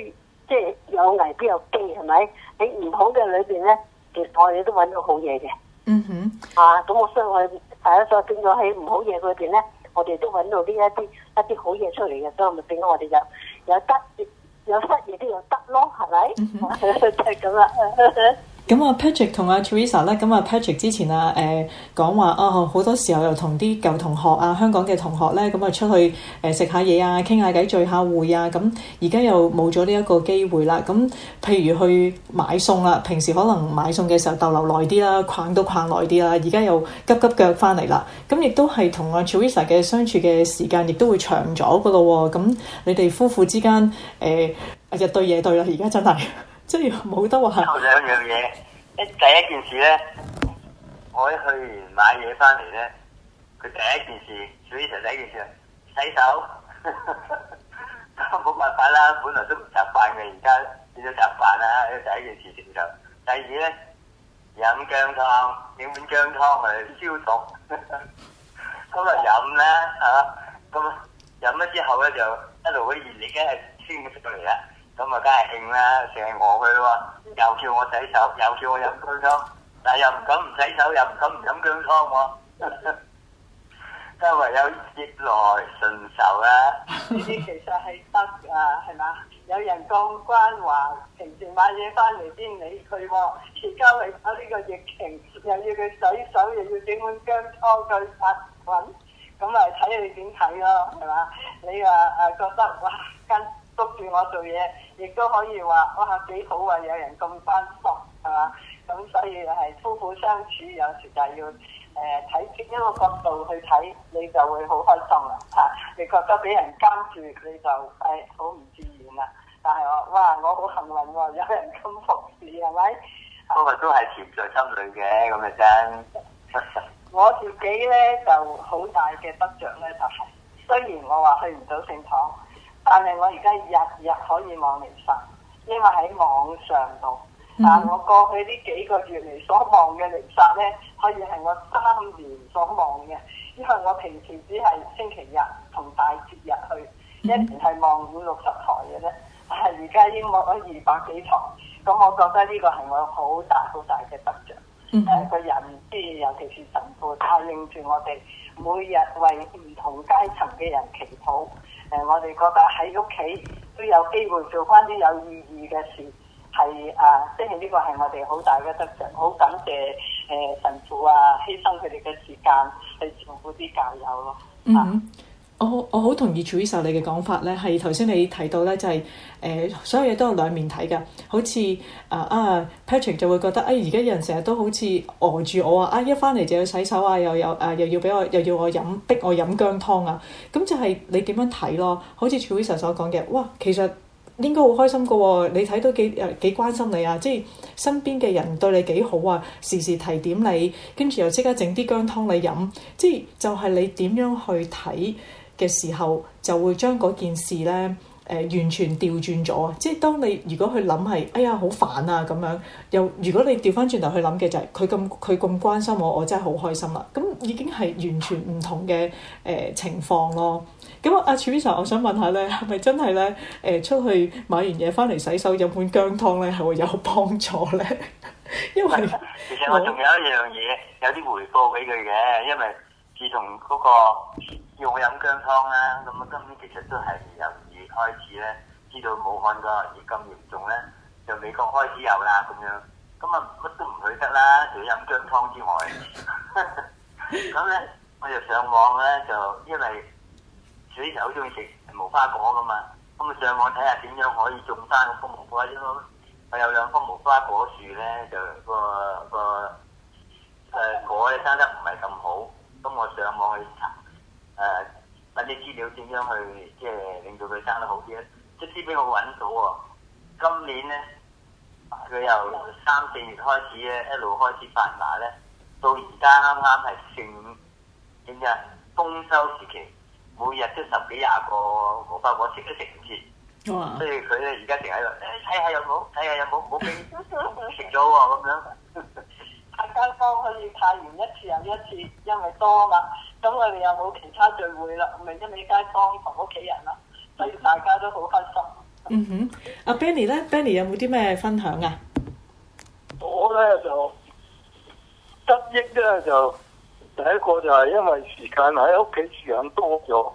即係、就是、有危必有機，係咪？喺唔好嘅裏邊咧，其實我哋都揾到好嘢嘅。嗯哼，啊，咁我相信係啊，再以正喺唔好嘢嗰邊咧，我哋都揾到呢一啲一啲好嘢出嚟嘅，所以咪變咗我哋有有得。有乜嘢都要得咯，係咪？就係咁啦。咁啊，Patrick 同阿 Teresa 咧，咁啊 Patrick 之前啊，誒、呃、講話啊，好、哦、多時候又同啲舊同學啊，香港嘅同學咧，咁、嗯、啊出去誒食、呃、下嘢啊，傾下偈，聚下會啊，咁而家又冇咗呢一個機會啦。咁、嗯、譬如去買餸啦，平時可能買餸嘅時候逗留耐啲啦，逛都逛耐啲啦，而家又急急腳翻嚟啦。咁、嗯、亦都係同阿 Teresa 嘅相處嘅時間亦都會長咗噶咯。咁、嗯嗯、你哋夫婦之間，誒、呃、日對夜對啦，而家真係。即係冇得話。兩樣嘢，一第一件事咧，我去完買嘢翻嚟咧，佢第一件事，最第一件事洗手，冇辦法啦，本來都唔習慣嘅，而家變咗習慣啦。第一件事先就，第二咧，飲姜湯，飲碗姜湯去、嗯、消毒。咁啊飲啦，吓咁飲咗之後咧，就一路嘅熱力梗係穿咗出嚟啦。咁啊，梗係興啦，成日餓佢喎，又叫我洗手，又叫我飲薑湯，但又唔敢唔洗手，又唔敢唔飲薑湯喎。呵呵 <laughs> 都唯有逆來順受啦、啊。呢啲 <laughs> 其實係得㗎，係嘛？有人講關話，平時買嘢翻嚟先理佢喎，而家為咗呢個疫情，又要佢洗手，又要整碗薑湯佢發滾，咁咪睇你點睇咯，係嘛？你啊啊覺得哇跟～捉住我做嘢，亦都可以話，哇幾好啊！有人咁關心，係嘛？咁所以係夫婦相處，有時就要誒睇轉一個角度去睇，你就會好開心啦嚇、啊。你覺得俾人監住你就係好唔自然啦、啊。但係我哇，我好幸運喎、啊，有人咁服侍，係咪？蜜蜜蜜我不過都係潛在心裏嘅咁嘅真。 <laughs> 我自己咧就好大嘅得着咧，就係雖然我話去唔到聖堂。但係我而家日日可以望彌撒，因為喺網上度。但我過去呢幾個月嚟所望嘅彌撒咧，可以係我三年所望嘅，因為我平時只係星期日同大節日去，一年係望五六十台嘅啫。但係而家已經望咗二百幾台，咁我覺得呢個係我好大好大嘅得著，係、嗯、個人，即係尤其是神父帶領住我哋，每日為唔同階層嘅人祈禱。誒、呃，我哋覺得喺屋企都有機會做翻啲有意義嘅事，係啊，即係呢個係我哋好大嘅特質，好感謝誒、呃、神父啊，犧牲佢哋嘅時間去照顧啲教友咯。嗯、啊。Mm hmm. 我我好同意 Trisha 你嘅講法咧，係頭先你提到咧就係、是、誒、呃、所有嘢都有兩面睇㗎。好似啊啊 Patrick 就會覺得誒而家有人成日都好似呆住我啊！一返嚟就要洗手啊，又有誒、呃、又要俾我又要我飲，逼我飲薑湯啊！咁就係你點樣睇咯？好似 Trisha 所講嘅，哇其實應該好開心㗎喎、哦！你睇到幾誒幾關心你啊，即係身邊嘅人對你幾好啊，時時提點你，跟住又即刻整啲薑湯你飲，即係就係你點樣去睇？嘅時候就會將嗰件事咧，誒、呃、完全調轉咗。即係當你如果去諗係，哎呀好煩啊咁樣。又如果你調翻轉頭去諗嘅就係佢咁佢咁關心我，我真係好開心啦。咁、嗯、已經係完全唔同嘅誒、呃、情況咯。咁阿柱醫生，啊、isa，我想問下咧，係咪真係咧誒出去買完嘢翻嚟洗手飲碗薑湯咧，係會有幫助咧？ <laughs> 因為我其實我仲有一樣嘢有啲回報俾佢嘅，因為自從嗰、那個。叫我飲姜湯啦，咁啊，今年其實都係由二月開始咧，知道武漢個疫咁嚴重咧，就美國開始有啦咁樣，咁啊乜都唔去得啦，除咗飲姜湯之外，咁 <laughs> 咧我就上網咧就因為水就好中意食無花果噶嘛，咁啊上網睇下點樣可以種翻棵無花果，因為我有兩棵無花果樹咧，就個個誒果咧生得唔係咁好，咁我上網去查。誒啲、啊、資料點樣去，即、就、係、是、令到佢生得好啲咧。即係啲嘢我揾到喎，今年咧，佢由三四月開始咧，一路開始發芽咧，到而家啱啱係成日豐收時期，每日都十幾廿個，冇法我食都食唔完。哇！所以佢咧而家淨喺度，誒睇下有冇，睇下有冇冇俾食咗喎，咁樣太乾貨可以曬完一次又一次，因為多啊嘛。咁我哋有冇其他聚會啦，咪一味街坊同屋企人咯，所以大家都好開心。嗯哼，阿 Benny 咧，Benny 有冇啲咩分享啊？我咧就得益咧就第一個就係因為時間喺屋企養多咗，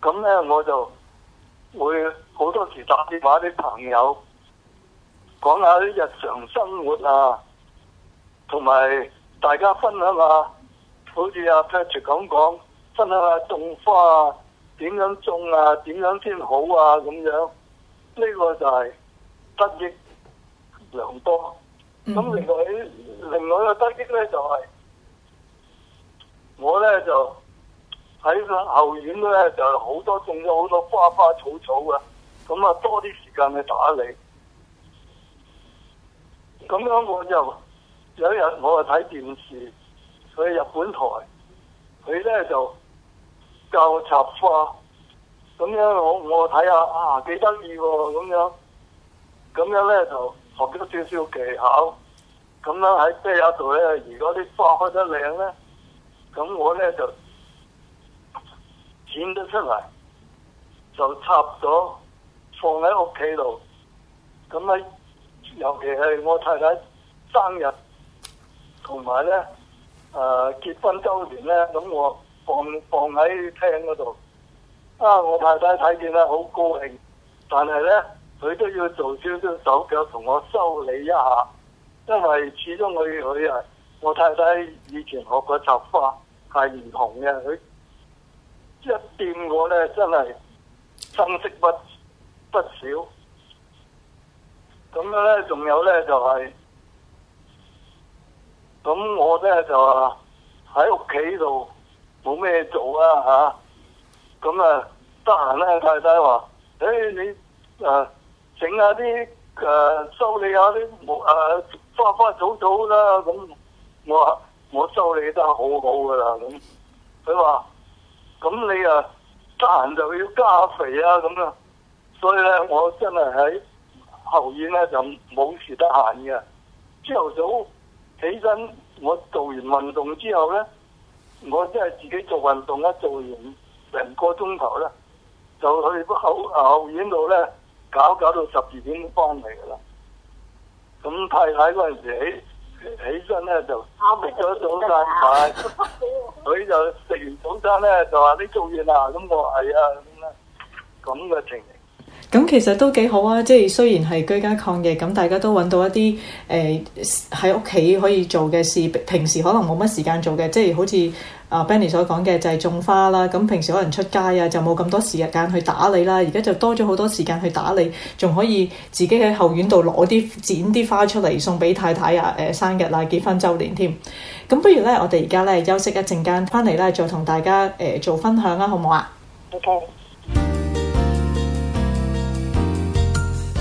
咁咧我就會好多時打電話畀朋友講下啲日常生活啊，同埋大家分享下啊。好似阿 Patrick 咁講真係啊種花啊，點樣種啊，點樣先好啊咁樣呢個就係得益良多。咁另外，另外一個得益咧就係、是、我咧就喺個後院咧就好多種咗好多花花草草啊，咁啊多啲時間去打理。咁樣我就有一日我啊睇電視。去日本台，佢咧就教插花，咁樣我我睇下啊，幾得意喎，咁樣，咁樣咧就學咗少少技巧，咁樣喺啤友度咧，如果啲花開得靚咧，咁我咧就剪得出嚟，就插咗放喺屋企度，咁喺尤其係我太太生日，同埋咧。誒、uh, 結婚周年咧，咁我放放喺廳嗰度。啊，我太太睇見咧，好高興。但係咧，佢都要做少少手腳同我修理一下，因為始終佢佢啊，我太太以前學過插花，係唔同嘅。佢一掂我咧，真係珍惜不不少。咁樣咧，仲有咧就係、是。咁、嗯、我咧就話喺屋企度冇咩做啊嚇，咁啊得閒咧太太話：，誒、欸、你誒整下啲誒修理下啲木誒花花草草啦、啊。咁、嗯、我話我修理得好好噶啦咁。佢、嗯、話：，咁、嗯、你啊得閒就要加肥啊咁啦、嗯。所以咧我真係喺後院咧就冇時得閒嘅，朝頭早。起身，我做完運動之後咧，我即係自己做運動啦，做完成個鐘頭啦，就去屋後後院度咧搞，搞到十二點方嚟噶啦。咁太太嗰陣時起起身咧就收拾咗早餐，佢 <laughs> <laughs> 就食完早餐咧就話：你做完啦咁。我係啊咁啦，咁嘅情形。咁其實都幾好啊！即係雖然係居家抗疫，咁大家都揾到一啲誒喺屋企可以做嘅事，平時可能冇乜時間做嘅，即係好似阿 Benny 所講嘅就係、是、種花啦。咁平時可能出街啊就冇咁多時間去打理啦，而家就多咗好多時間去打理，仲可以自己喺後院度攞啲剪啲花出嚟送俾太太啊、誒、呃、生日啊、結婚周年添。咁不如咧，我哋而家咧休息一陣間，翻嚟咧再同大家誒、呃、做分享啦，好唔好啊？O K。Okay.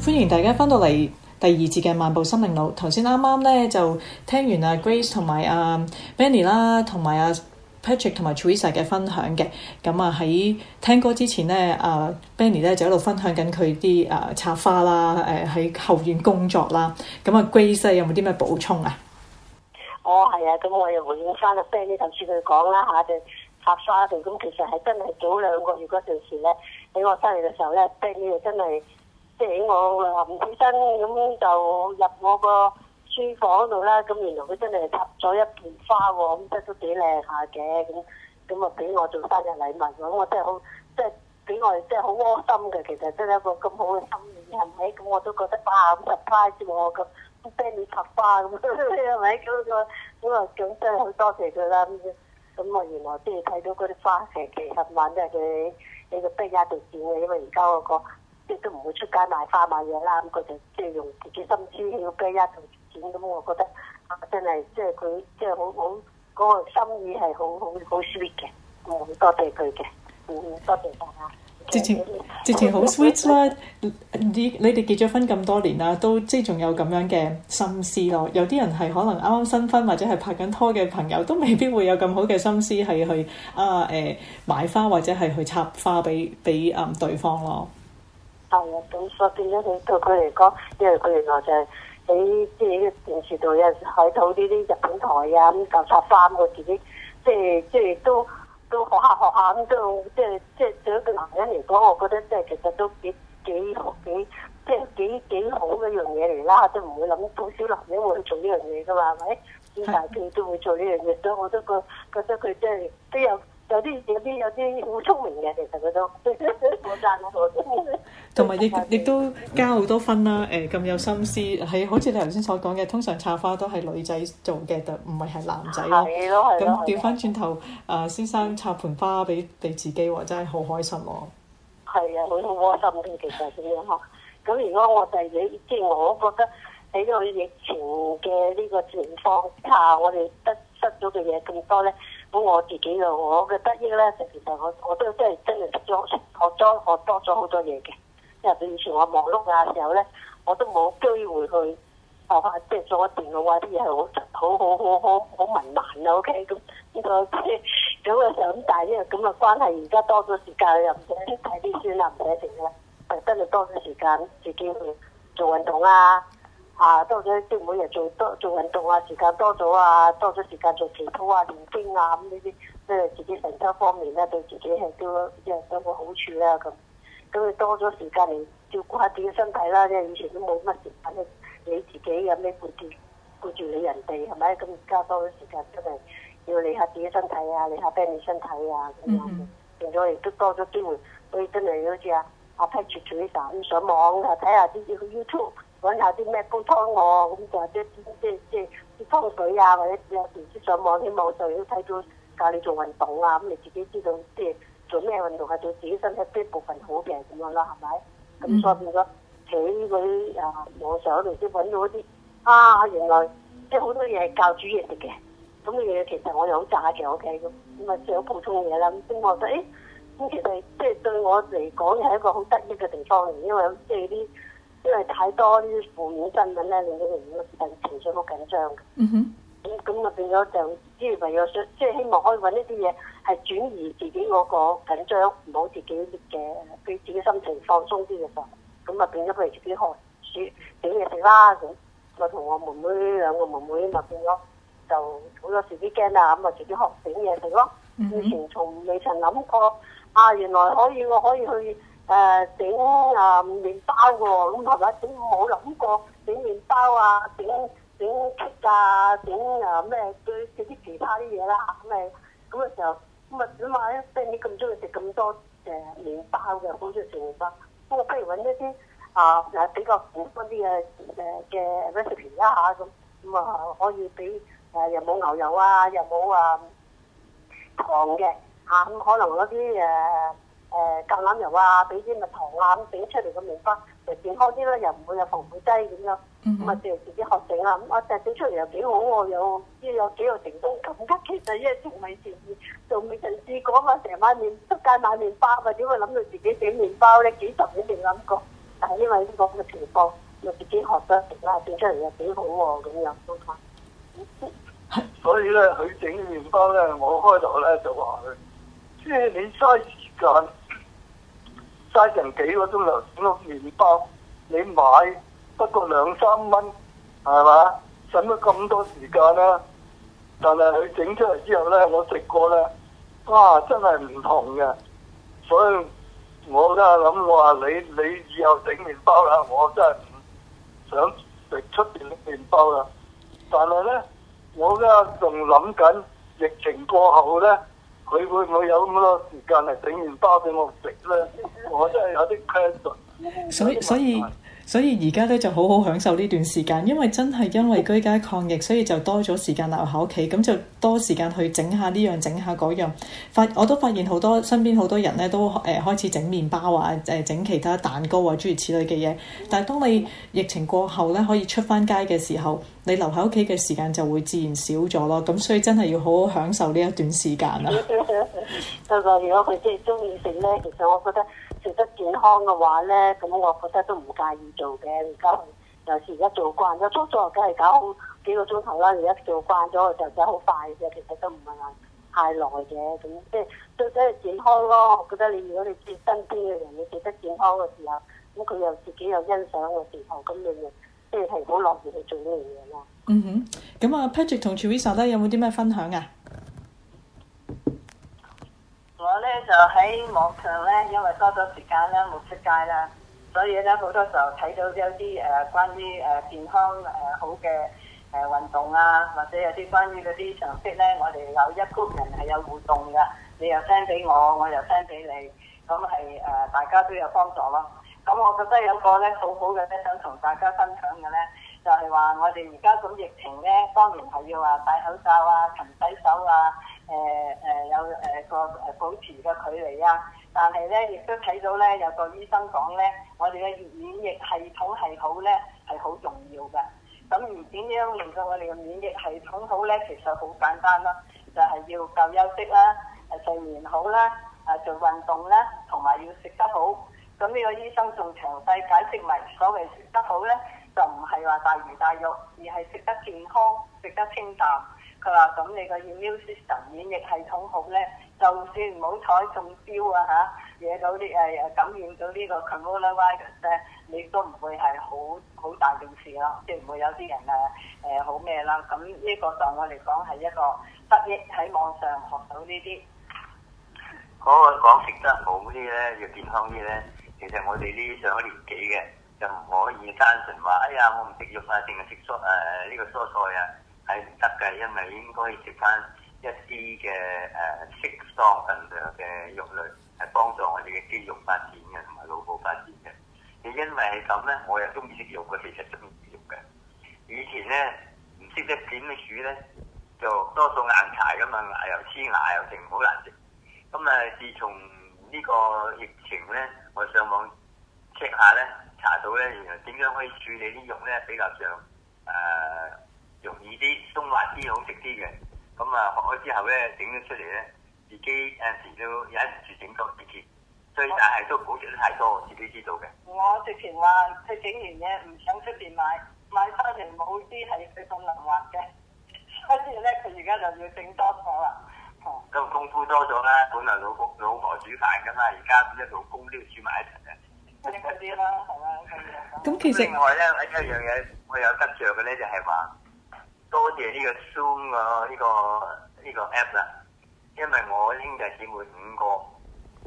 歡迎大家翻到嚟第二節嘅漫步心靈路。頭先啱啱咧就聽完阿 Grace 同埋阿 Benny 啦，同埋阿 Patrick 同埋 Tricia 嘅分享嘅。咁啊喺聽歌之前咧，阿、啊、Benny 咧就喺度分享緊佢啲誒插花啦，誒、啊、喺後院工作啦。咁啊、嗯、Grace 啊有冇啲咩補充啊？哦，係啊，咁我又回應翻阿 Benny 頭先佢講啦吓，就插花度。咁其實係真係早兩個月嗰陣時咧，喺我生日嘅時候咧 Benny 又真係。即我唔起身咁就入我個書房度啦，咁原來佢真係插咗一片花喎，咁即係都幾靚下嘅，咁咁啊俾我做生日禮物，咁、即係、我真係好即係俾我即係好窩心嘅，其實真係一個咁好嘅心意係咪？咁我都覺得哇咁 surprise 我咁即係你插花咁係咪？咁我咁啊咁真係好多謝佢啦咁，我原來即係睇到嗰啲花其實晚都係佢喺個杯架度照嘅，因為而家我、嗰個。即都唔會出街買花買嘢啦，咁佢就即係用自己心思要俾一嚿錢咁，我覺得啊真係即係佢即係好好嗰個心意係好好好 sweet 嘅，我好、嗯、多謝佢嘅，好、嗯、多謝大家。直情直情好 sweet 啦！ <laughs> 你哋結咗婚咁多年啦，都即係仲有咁樣嘅心思咯。有啲人係可能啱啱新婚或者係拍緊拖嘅朋友，都未必會有咁好嘅心思係去啊誒、呃、買花或者係去插花俾俾啊對方咯。係啊，咁、嗯、所以變咗佢對佢嚟講，因為佢原來就係喺即係電視度有睇到呢啲日本台啊，咁就插翻個自己即係即係都都學下學下咁，都即係即係對一個男人嚟講，我覺得即係其實都幾幾，幾，幾，幾，幾好幾即係幾幾好嘅一樣嘢嚟啦，都唔會諗到小男人會做呢樣嘢㗎嘛，係咪？而大佢都會做呢樣嘢，所以我都覺覺得佢真係都有。有啲有啲有啲好聰明嘅，其實佢都好讚同埋亦亦都加好多分啦。誒、欸、咁有心思，係好似你頭先所講嘅，通常插花都係女仔做嘅，就唔係係男仔咯。咯係咁調翻轉頭，誒、呃、先生插盆花俾俾自己喎、哦，真係好開心喎、哦。係啊，好窩心其實咁樣呵。咁如果我哋、就是，即係我覺得喺呢個疫情嘅呢個情況下，我哋得失咗嘅嘢咁多咧。咁我自己嘅，我嘅得益咧，就其實我我都真係真係多學多學多咗好多嘢嘅，因為佢以前我忙碌啊時候咧，我都冇機會去學下，啊，即係做電腦啊啲嘢係好好好好好好文盲啊，OK，咁呢個即係咁嘅想大，因為咁嘅關係，而家多咗時間，又唔使睇啲視頻，唔使捨食咧，真係多咗時間，自己去做運動啊。啊，多咗啲每日做多做運動啊，時間多咗啊，多咗時間做健康啊、練經啊，咁呢啲，即係自己成身方面咧，啊，對自己係都有個好處啦，啊，咁。咁你多咗時間嚟照顧下自己身體啦，啊，即係以前都冇乜時間，你你自己有咩顧掂顧住你人哋係咪？咁加多咗時間真係要理下自己身體啊，理下 family 身體啊咁樣，yep. mm。變咗亦都多咗機會，所以真係好似啊阿 Pat 住絕呢首，an, 上網睇下先至去 YouTube。揾下啲咩煲湯我，咁就有即係即係啲湯水啊，或者有時上網啲網上都睇到教你做運動啊，咁你自己知道即係做咩運動係對自己身體邊部分好嘅咁樣啦，係咪？咁所以變咗喺啲啊網上嗰度先揾到啲啊原來即係好多嘢係教煮嘢嚟嘅，咁嘅嘢其實我哋好炸嘅，OK，咁咁咪最好普通嘅嘢啦。咁先我覺得，誒、欸、咁其實即係對我嚟講又係一個好得益嘅地方嚟，因為即係啲。因為太多呢啲負面新聞咧，令到佢咁緊情緒好緊張嘅。嗯哼。咁咁啊變咗就，即係為咗想，即係希望可以揾一啲嘢係轉移自己嗰個緊張，唔好自己嘅，俾自己心情放鬆啲嘅就，就。咁啊變咗佢哋自己學煮整嘢食啦。咁咪同我妹妹兩個妹妹咪變咗就好多時啲驚啦。咁啊自己學整嘢食咯。嗯哼。以前從未曾諗過，啊原來可以我可以去。誒整啊麵包嘅喎，咁係咪？整冇諗過整麵包啊，整整 cake 啊，整啊咩嘅嘅啲其他啲嘢啦，咁咪咁嘅時候咁啊，只嘛咧，即係你咁中意食咁多誒、呃、麵包嘅，好中意食麵包，咁我不如揾一啲、呃呃、啊，誒比較健康啲嘅誒嘅 recipe 啦嚇咁，咁啊、嗯嗯嗯、可以俾誒、呃、又冇牛油啊，又冇、嗯、啊糖嘅嚇，咁可能嗰啲誒。呃誒、 <noise> 呃、橄欖油啊，俾啲蜜糖啊，咁整出嚟個麵包又健康啲啦，又唔會有防腐劑咁樣，咁啊，就自己學整啦。咁我就整出嚟又幾好喎，又即係又幾有成功。咁急其實一做美食，做美食講啊，成晚面出街買麵包啊，點會諗到自己整麵包咧？幾十年未諗過，但係因為呢個嘅情況，用自己學得食啦，整出嚟又幾好喎，咁樣都得。 <laughs> 所以咧，佢整麵包咧，我開頭咧就話佢，即、就、係、是、你嘥時間。嘥成幾個鐘頭整個麵包，你買不過兩三蚊，係嘛？省咗咁多時間啦、啊。但係佢整出嚟之後呢，我食過呢，哇！真係唔同嘅。所以我，我而家諗話你，你以後整麵包啦，我真係唔想食出邊嘅麵包啦。但係呢，我而家仲諗緊疫情過後呢。佢會唔會有咁多時間嚟整麵包俾我食咧？我真係有啲 casual 所以所以。所以而家咧就好好享受呢段時間，因為真係因為居家抗疫，所以就多咗時間留喺屋企，咁就多時間去整下呢樣整下嗰樣。發我都發現好多身邊好多人咧都誒、呃、開始整麵包啊，誒、呃、整其他蛋糕啊，諸如此類嘅嘢。但係當你疫情過後咧，可以出翻街嘅時候，你留喺屋企嘅時間就會自然少咗咯。咁所以真係要好好享受呢一段時間啦、啊。不過 <laughs> 如果佢即係中意食咧，其實我覺得。食得健康嘅話咧，咁我覺得都唔介意做嘅。而家有時而家做慣咗，工作梗係搞好幾個鐘頭啦。而家做慣咗就真係好快嘅，其實都唔係話太耐嘅。咁即係都真係健康咯。我覺得你如果你身邊啲嘅人，你食得健康嘅時候，咁佢又自己有欣賞嘅時候，咁你即係好樂意去做呢樣嘢咯。嗯哼，咁啊，Patrick 同 Twisha 咧有冇啲咩分享啊？我咧就喺網上咧，因為多咗時間啦，冇出街啦，所以咧好多時候睇到有啲誒、呃、關於誒、呃、健康誒、呃、好嘅誒、呃、運動啊，或者有啲關於嗰啲常識咧，我哋有一 group 人係有互動噶，你又 send 俾我，我又 send 俾你，咁係誒大家都有幫助咯。咁、嗯、我覺得有個咧好好嘅咧，想同大家分享嘅咧。就係話我哋而家咁疫情咧，當然係要話戴口罩啊、勤洗手啊、誒誒有誒個誒保持嘅距離啊。但係咧，亦都睇到咧，有個醫生講咧，我哋嘅免疫系統係好咧，係好重要嘅。咁而點樣令到我哋嘅免疫系統好咧？其實好簡單咯、啊，就係、是、要夠休息啦、誒、呃、睡眠好啦、誒、呃、做運動啦，同埋要食得好。咁呢個醫生仲詳細解釋埋所謂食得好咧。就唔係話大魚大肉，而係食得健康、食得清淡。佢話：咁你個 immune system 免疫系統好咧，就算唔好彩中招啊嚇，惹到啲誒誒感染到呢個 coronavirus 咧，你都唔會係好好大件事咯，即係唔會有啲人誒誒、呃、好咩啦。咁呢個對我嚟講係一個得益，喺網上學到呢啲。講講食得好啲咧，要健康啲咧，其實我哋呢上咗年紀嘅。就唔可以單純話，哎呀，我唔食肉啊，淨係食蔬誒呢個蔬菜啊，係唔得嘅，因為應該食翻一啲嘅誒適當份量嘅肉類，係幫助我哋嘅肌肉發展嘅，同埋腦部發展嘅。亦因為係咁咧，我又中意食肉，我其實中意食肉嘅。以前咧唔識得點嘅煮咧，就多數硬柴噶嘛，牙又黐牙又剩，好難食。咁啊，自從呢個疫情咧，我上網 check 下咧。查到咧，然後點樣可以處理啲肉咧比較上誒、呃、容易啲、鬆滑啲、好食啲嘅。咁、嗯、啊學咗之後咧，整咗出嚟咧，自己有陣時都忍唔住整多啲嘅。所以但係都唔好食得太多，自己知道嘅。我之前話佢整完嘢唔想出邊買，買翻嚟冇啲係佢咁腍滑嘅，所以咧佢而家就要整多咗啦。咁、嗯嗯、功夫多咗啦。本嚟老，老婆老婆煮飯噶嘛，而家點解老公都要煮埋一齊啊？啲啦。咁、嗯、其實另外咧，一樣嘢我有得着嘅咧，就係、是、話多謝呢個 Zoom、這個呢個呢個 app 啦。因為我兄弟姊妹五個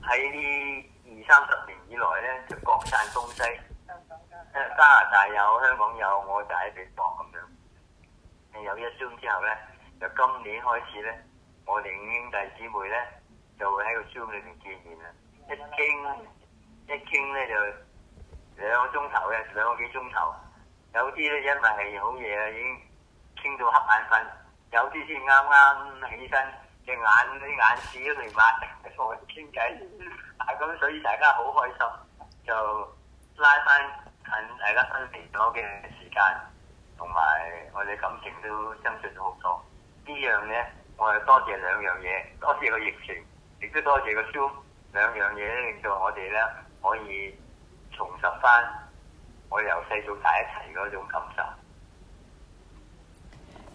喺呢二三十年以來咧，就各散東西，加、呃、拿大有，香港有，我大喺美國咁樣。有一 Zoom 之後咧，就今年開始咧，我哋兄弟姊妹咧就會喺個 Zoom 裏邊見面啦。一傾一傾咧就～兩個鐘頭嘅，兩個幾鐘頭，有啲咧因為係好夜啊，已經傾到瞌眼瞓；有啲先啱啱起身，隻眼啲眼屎都明白，喺度傾偈。但係咁，啊、 <laughs> <laughs> 所以大家好開心，就拉翻近大家分年多嘅時間，同埋我哋感情都增進咗好多。樣呢樣咧，我係多謝兩樣嘢，多謝個疫情，亦都多謝個 show，兩樣嘢咧令到我哋咧可以。重拾返我由細到大一齊嗰種感受，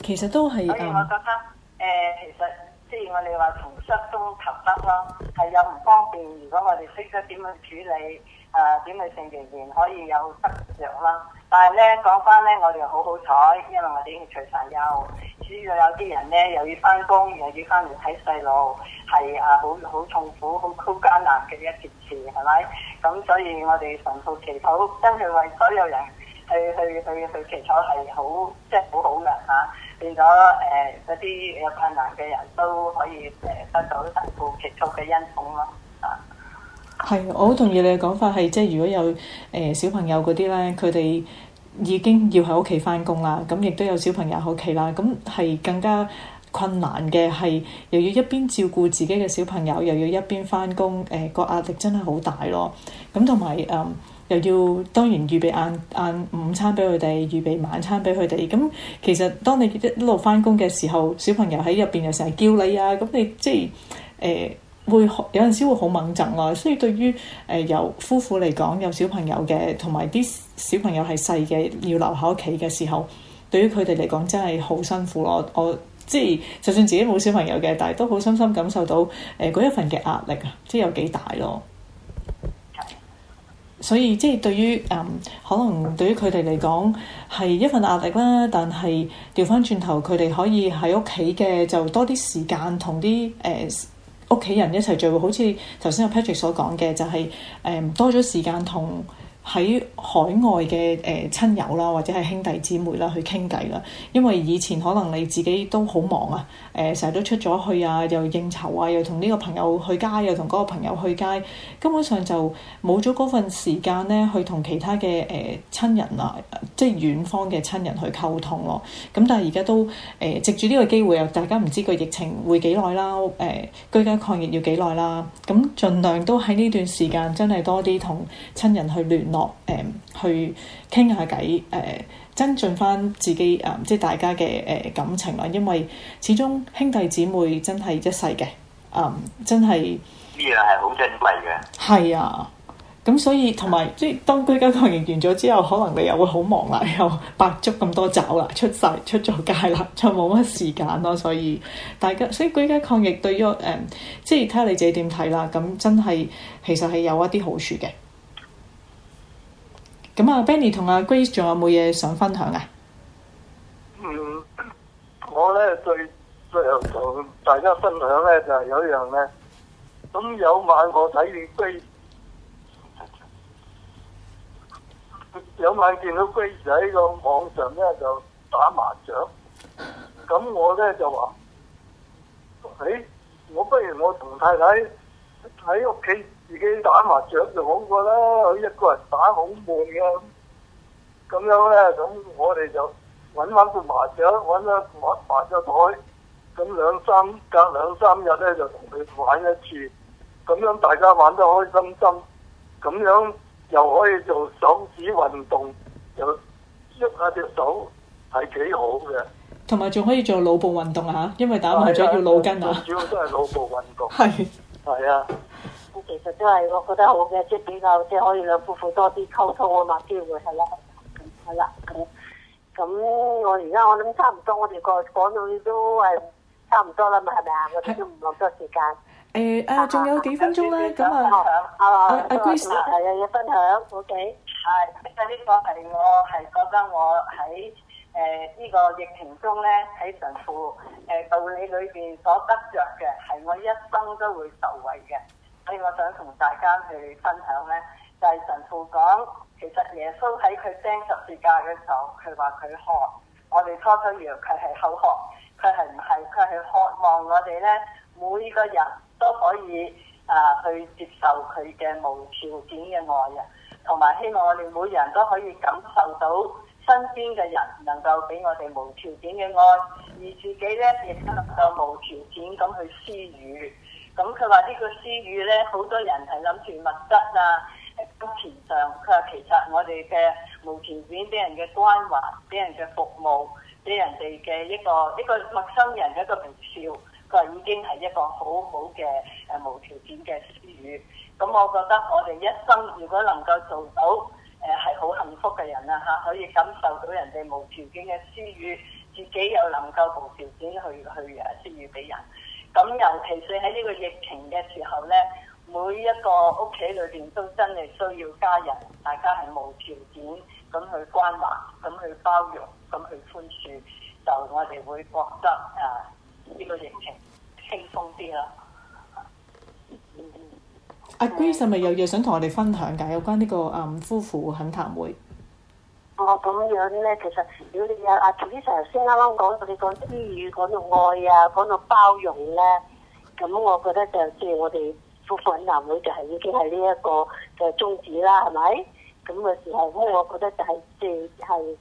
其實都係。所以 Okay,、um, 我覺得，誒、呃，其實即係我哋話從失中求得咯，係有唔方便。如果我哋識得點樣處理。誒、呃、點嘅性仍然可以有得着啦，但係咧講翻咧，我哋好好彩，因為我哋已經除曬休，主要有啲人咧又要翻工，又要翻嚟睇細路，係啊，好好痛苦、好艱難嘅一件事，係咪？咁所以我哋神父祈禱，真係為所有人去去去去，去祈禱，係、就是、好即係好好嘅嚇。變咗誒嗰啲有困難嘅人都可以誒得到神父祈禱嘅恩寵咯，啊！係，我好同意你嘅講法，係即係如果有誒、呃、小朋友嗰啲咧，佢哋已經要喺屋企翻工啦，咁亦都有小朋友喺屋企啦，咁係更加困難嘅係又要一邊照顧自己嘅小朋友，又要一邊翻工，誒個壓力真係好大咯。咁同埋誒又要當然預備晏晏午餐畀佢哋，預備晚餐畀佢哋。咁其實當你一路翻工嘅時候，小朋友喺入邊又成日叫你啊，咁你即係誒。呃會有陣時會好矇憎咯，所以對於誒由夫婦嚟講，有小朋友嘅，同埋啲小朋友係細嘅，要留喺屋企嘅時候，對於佢哋嚟講真係好辛苦咯、啊。我即係就算自己冇小朋友嘅，但係都好深深感受到誒嗰、呃、一份嘅壓力啊，即係有幾大咯。所以即係對於誒、呃、可能對於佢哋嚟講係一份壓力啦，但係調翻轉頭，佢哋可以喺屋企嘅就多啲時間同啲誒，屋企人一齊聚會，好似頭先阿 Patrick 所講嘅，就係誒多咗時間同喺海外嘅誒親友啦，或者係兄弟姊妹啦去傾偈啦，因為以前可能你自己都好忙啊。誒成日都出咗去啊，又應酬啊，又同呢個朋友去街，又同嗰個朋友去街，根本上就冇咗嗰份時間咧，去同其他嘅誒親人啊，即係遠方嘅親人去溝通咯。咁、嗯、但係而家都誒、呃、藉住呢個機會啊，大家唔知個疫情會幾耐啦，誒、呃、居家抗疫要幾耐啦，咁、嗯、盡量都喺呢段時間真係多啲同親人去聯絡，誒、呃、去傾下偈，誒、呃。增進翻自己誒、呃，即係大家嘅誒、呃、感情啦。因為始終兄弟姊妹真係一世嘅，誒、呃、真係呢樣係好珍貴嘅。係啊，咁所以同埋即係當居家抗疫完咗之後，可能你又會好忙啦，又百足咁多爪啦，出曬出咗街啦，就冇乜時間咯。所以大家所以居家抗疫對於誒、呃，即係睇下你自己點睇啦。咁真係其實係有一啲好處嘅。咁啊，Benny 同阿 Grace 仲有冇嘢想分享啊？嗯，我咧最最有同大家分享咧就係、是、有一樣咧，咁、嗯、有晚我睇你 Grace，有晚見到 Grace 喺個網上咧就打麻將，咁我咧就話，誒，我不如我同太太喺屋企。自己打麻雀就好過啦，佢一個人打好悶呀。咁樣咧，咁我哋就揾翻副麻雀，揾一副麻雀台。咁兩三隔兩三日咧，就同佢玩一次。咁樣大家玩得開心心，咁樣又可以做手指運動，又喐下隻手，係幾好嘅。同埋仲可以做腦部運動啊嚇，因為打麻雀要腦筋啊。主要都係腦部運動。係 <laughs> 的。係啊。其實都係，我覺得好嘅，即係比較，即係可以兩夫婦多啲溝通啊嘛，機會係啦，係啦，咁，咁我而家我諗差唔多，我哋個講到都係差唔多啦嘛，係咪啊？我哋都唔落咗時間。誒誒，仲有幾分鐘啦？咁啊，阿 Grace 啊，有嘢分享。OK，係，呢、這個係我係覺得我喺誒呢個疫情中咧，喺神父誒、呃、道理裏邊所得着嘅，係我一生都會受惠嘅。所以我想同大家去分享咧，就係神父講，其實耶穌喺佢釘十字架嘅時候，佢話佢渴，我哋初初以為佢係口渴，佢係唔係佢係渴望我哋咧每個人都可以啊去接受佢嘅無條件嘅愛啊，同埋希望我哋每人都可以感受到身邊嘅人能夠俾我哋無條件嘅愛，而自己咧亦都能夠無條件咁去施予。佢話呢個施予咧，好多人係諗住物質啊，一啲錢上。佢話其實我哋嘅無條件俾人嘅關懷，俾人嘅服務，俾人哋嘅一個一個陌生人嘅一個微笑，佢話已經係一個好好嘅誒無條件嘅施予。咁、嗯、我覺得我哋一生如果能夠做到誒係好幸福嘅人啦嚇、啊，可以感受到人哋無條件嘅施予，自己又能夠無條件去去誒施予俾人。咁尤其是喺呢個疫情嘅時候咧，每一個屋企裏邊都真係需要家人，大家係無條件咁去關懷、咁去包容、咁去寬恕，就我哋會覺得誒呢、啊這個疫情輕鬆啲啦。阿 Grace 係咪有嘢想同我哋分享㗎？有關呢、這個誒、嗯、夫婦懇談會？我咁、哦、樣咧，其實如果你有阿 Peter 頭先啱啱講到你講啲語言講到愛啊，講到包容咧，咁我覺得就即係我哋婦女懇談會就係已經係呢一個嘅宗旨啦，係咪？咁嘅時候咁，我覺得就係即係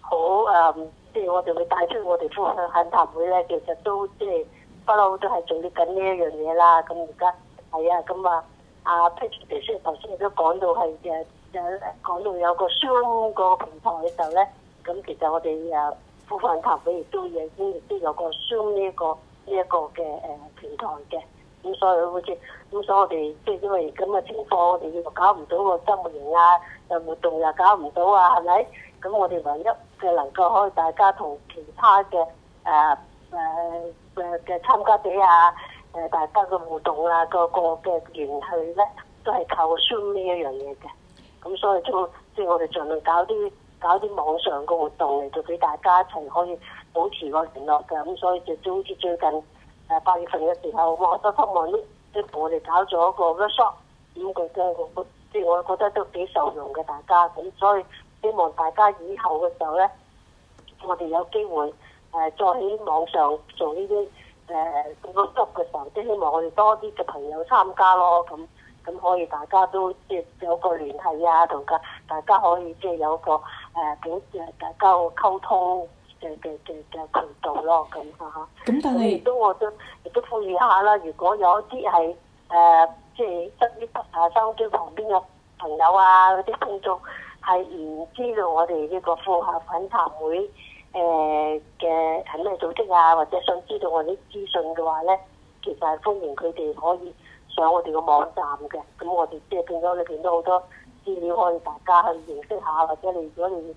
好誒，即係我哋會帶、這個就是就是就是嗯、出我哋婦女懇談會咧，其實都即係不嬲都係做啲緊呢一樣嘢啦。咁而家係啊，咁、嗯、啊阿 Peter 頭先亦都講到係嘅。有咧講到有個 Zoom 個平台嘅時候咧，咁其實我哋啊副飯堂譬如做嘢先亦都有個 Zoom 呢、呢、一個呢一、呢個嘅誒平台嘅，咁、嗯、所以好似咁所以我哋即係因為咁嘅情況，我哋要搞唔到個週末營啊，有活動又搞唔到啊，係咪？咁我哋唯一嘅能夠可以大家同其他嘅誒誒嘅嘅參加者啊，誒大家嘅互動啊，個個嘅聯繫咧，都係靠 Zoom 呢一樣嘢嘅。咁、嗯、所以就即係、就是、我哋盡量搞啲搞啲網上嘅活動嚟到俾大家一齊可以保持個聯絡嘅。咁、嗯、所以就係，總之最近，誒、呃、八月份嘅時候，我都希望呢即係我哋搞咗一個 workshop，咁嘅即係我即係我覺得都幾受用嘅大家。咁所，所以希望大家以後嘅時候咧，我哋有機會誒、呃、再喺網上做呢啲誒 workshop 嘅時候，即係希望我哋多啲嘅朋友參加咯咁。嗯咁、嗯、可以大家都即係有個聯繫啊，同埋大家可以即係有個誒表誒大家個溝通嘅嘅嘅嘅渠道咯，咁嚇咁但係是亦都我都亦都呼籲下啦。如果有一啲係誒即係得於得下收機旁邊嘅朋友啊，嗰啲工作係唔知道我哋呢個副客品茶會誒嘅係咩組織啊，或者想知道我啲資訊嘅話咧，其實係歡迎佢哋可以。上我哋個網站嘅，咁我哋即係見到裏邊都好多資料可以大家去認識下，或者你如果你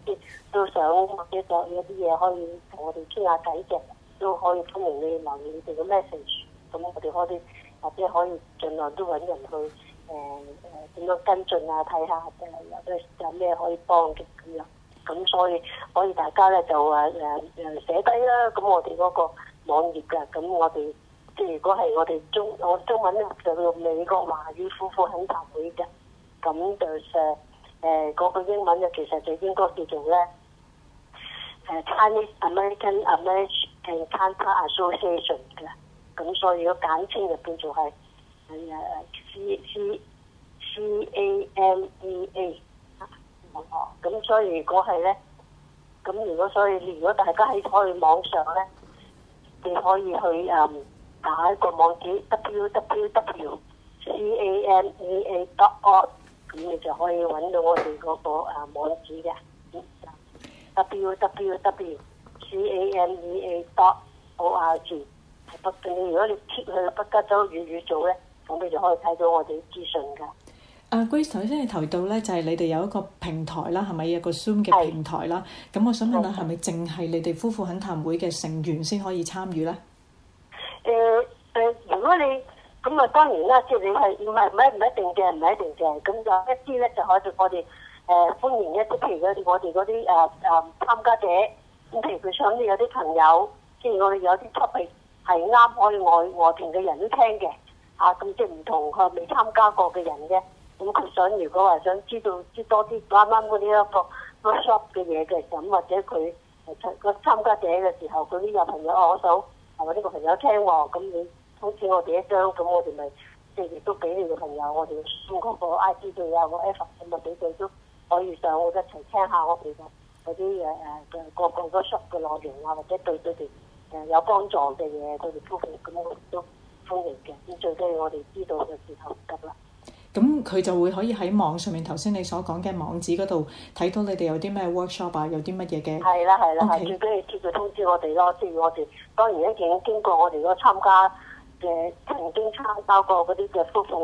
都想或者想有啲嘢可以同我哋傾下偈嘅，都可以歡迎你留意你哋嘅 message，咁我哋可啲，或者可以盡量都揾人去誒誒點樣跟進啊，睇下誒有咩有咩可以幫嘅咁咯，咁所以可以大家咧就誒誒寫低啦，咁、呃呃、我哋嗰個網頁嘅，咁我哋。即如果係我哋中我中文上用美國華裔夫婦肯協會嘅，咁就誒誒嗰個英文嘅其實就應該叫做咧誒 Chinese American American Counter Association 㗎，咁所以要簡稱就叫做係係、uh, e、啊 C C C A M E A，咁所以如果係咧，咁如果所以如果大家喺可以網上咧，你可以去啊。呃打一個網址 w w w c a m e a o r 咁你就可以揾到我哋嗰個啊網址嘅 www.camea.org。咁 www. 你、e、如果你貼去北加州粵語組咧，咁你就可以睇到我哋啲資訊噶。啊，Grace 頭先你提到咧，就係、是、你哋有一個平台啦，係咪有一個 Zoom 嘅平台啦？咁是我想問下，係咪淨係你哋夫婦懇談會嘅成員先可以參與咧？誒誒、嗯，如果你咁啊，當然啦，即、就、係、是、你係唔係唔一唔一定嘅，唔係一定嘅。咁有一啲咧，就可以我哋誒、呃、歡迎一啲，譬如我哋我哋嗰啲誒誒參加者。咁譬如佢想，有啲朋友，即係我哋有啲出別係啱可以外和平嘅人都聽嘅。啊，咁即係唔同佢未參加過嘅人嘅。咁、嗯、佢想，如果話想知道知道多啲啱啱嗰啲一個 workshop 嘅嘢嘅，咁或者佢誒個參加者嘅時候，佢啲有朋友話我想。我呢個朋友聽喎，咁你好似我哋一張咁，我哋咪即係亦都俾你個朋友，我哋嘅官個 I D 佢有個 F，咁咪俾佢都可以上，我一齊聽一下我哋嘅嗰啲誒誒誒個個都 shop 嘅內容啊，或者對佢哋誒有幫助嘅嘢，佢哋都咁我哋都歡迎嘅。咁最緊要我哋知道嘅時候唔急啦。咁佢就會可以喺網上面頭先你所講嘅網址嗰度睇到你哋有啲咩 workshop 啊，有啲乜嘢嘅。係啦係啦，Okay. 最緊要跟住佢通知我哋咯，即係我哋。當然已經經過我哋個參加嘅曾經參加過嗰啲嘅付款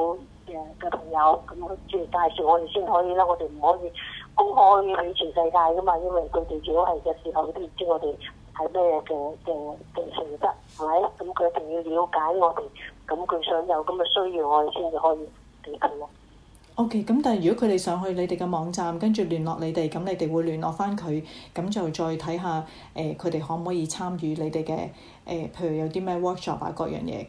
嘅嘅朋友，咁佢介紹我哋先可以啦，我哋唔可以公開去全世界噶嘛，因為佢哋如果係嘅時候，佢都唔知我哋係咩嘅嘅嘅誠德，係咪？咁佢一定要了解我哋，咁佢想有咁嘅需要，我哋先至可以。O.K.，咁但係如果佢哋上去你哋嘅網站，跟住聯絡你哋，咁你哋會聯絡翻佢，咁就再睇下誒佢哋可唔可以參與你哋嘅誒，hat, 譬如有啲咩 workshop 啊，各樣嘢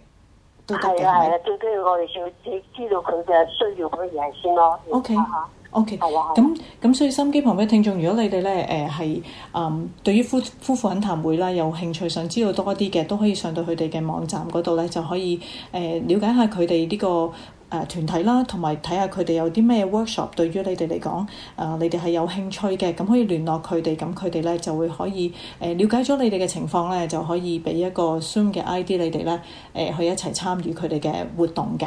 都得嘅。係啊係啊，最緊要我哋要知道佢嘅需要嗰樣嘢先咯。O.K.，O.K. 咁咁所以心機旁邊嘅聽眾，intake y, 如果你哋咧誒係嗯對於夫夫婦懇談會啦有興趣，想知道多啲嘅，都可以上到佢哋嘅網站嗰度咧，mm. 就可以誒瞭解下佢哋呢個誒、啊、團體啦，同埋睇下佢哋有啲咩 workshop，對於你哋嚟講，誒、啊、你哋係有興趣嘅，咁可以聯絡佢哋，咁佢哋咧就會可以誒瞭、呃、解咗你哋嘅情況咧，就可以畀一個 Zoom 嘅 ID 你哋咧，誒、呃、去一齊參與佢哋嘅活動嘅。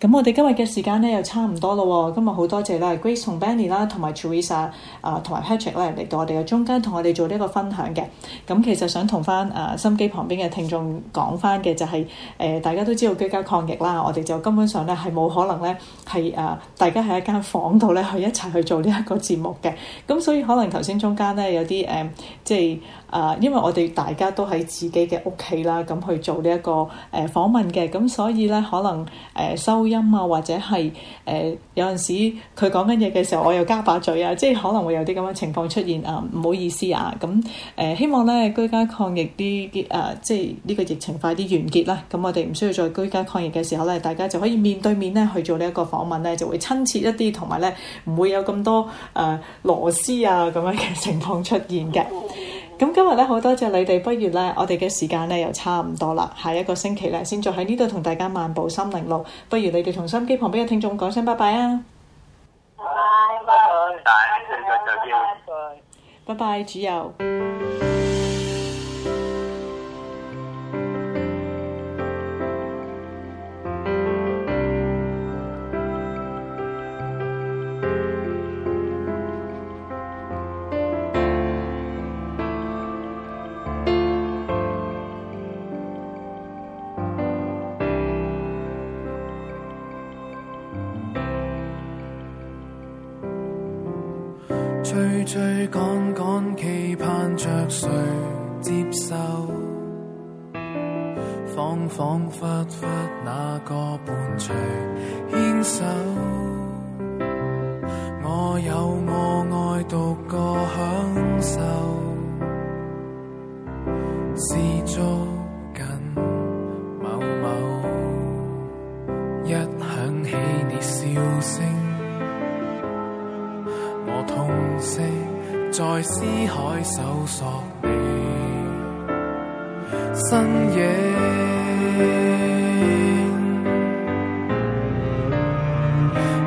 咁我哋今日嘅時間咧又差唔多咯、哦，今日好多謝啦 Grace 同 Benny 啦，同埋 Teresa 啊，同埋 Patrick 啦嚟到我哋嘅中間，同我哋做呢一個分享嘅。咁、嗯、其實想同翻誒心機旁邊嘅聽眾講翻嘅就係、是、誒、呃、大家都知道居家抗疫啦，我哋就根本上咧係冇可能咧係誒大家喺一間房度咧去一齊去做呢一個節目嘅。咁、嗯、所以可能頭先中間咧有啲誒、呃，即係誒、呃，因為我哋大家都喺自己嘅屋企啦，咁、呃、去做呢、這、一個誒訪、呃、問嘅，咁、呃、所以咧可能誒。呃呃呃收音啊，或者係誒、呃，有陣時佢講緊嘢嘅時候，我又加把嘴啊，即係可能會有啲咁嘅情況出現啊，唔好意思啊，咁、啊、誒，希望咧居家抗疫啲啲誒，即係呢個疫情快啲完結啦。咁、嗯、我哋唔需要再居家抗疫嘅時候咧，大家就可以面對面咧去做呢一個訪問咧，就會親切一啲，同埋咧唔會有咁多誒、啊、螺絲啊咁樣嘅情況出現嘅。咁今日咧，好多謝你哋，不如咧我哋嘅時間咧又差唔多啦，下一個星期咧先再喺呢度同大家漫步心靈路，不如你哋同收音機旁邊嘅聽眾講聲拜拜啊！拜拜，拜拜！拜拜！拜拜，主佑。追追趕趕，期盼着誰接受？恍恍惚惚，那個伴隨牽手？我有我愛，獨個享受。在思海搜索你身影，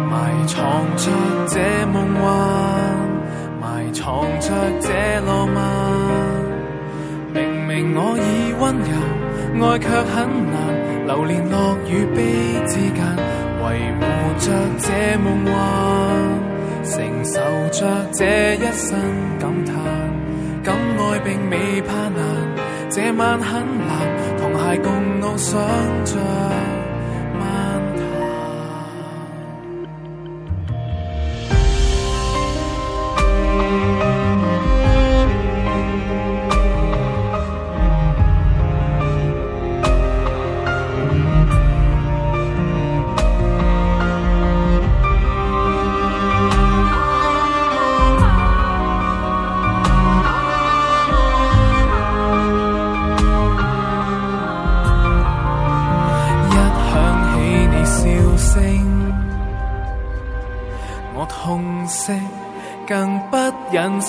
埋藏着這夢幻，埋藏着這浪漫。明明我已溫柔，愛卻很難，流連樂與悲之間，維護着這夢幻。承受着這一生感嘆，敢愛並未怕難，這晚很難，同偕共老想着。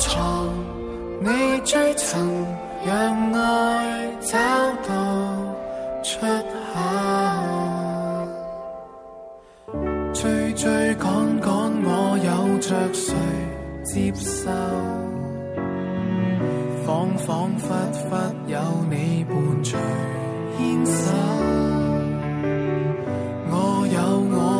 藏你最曾讓愛找到出口，追追趕趕我有着誰接受，恍恍惚惚有你伴隨牽手，我有我。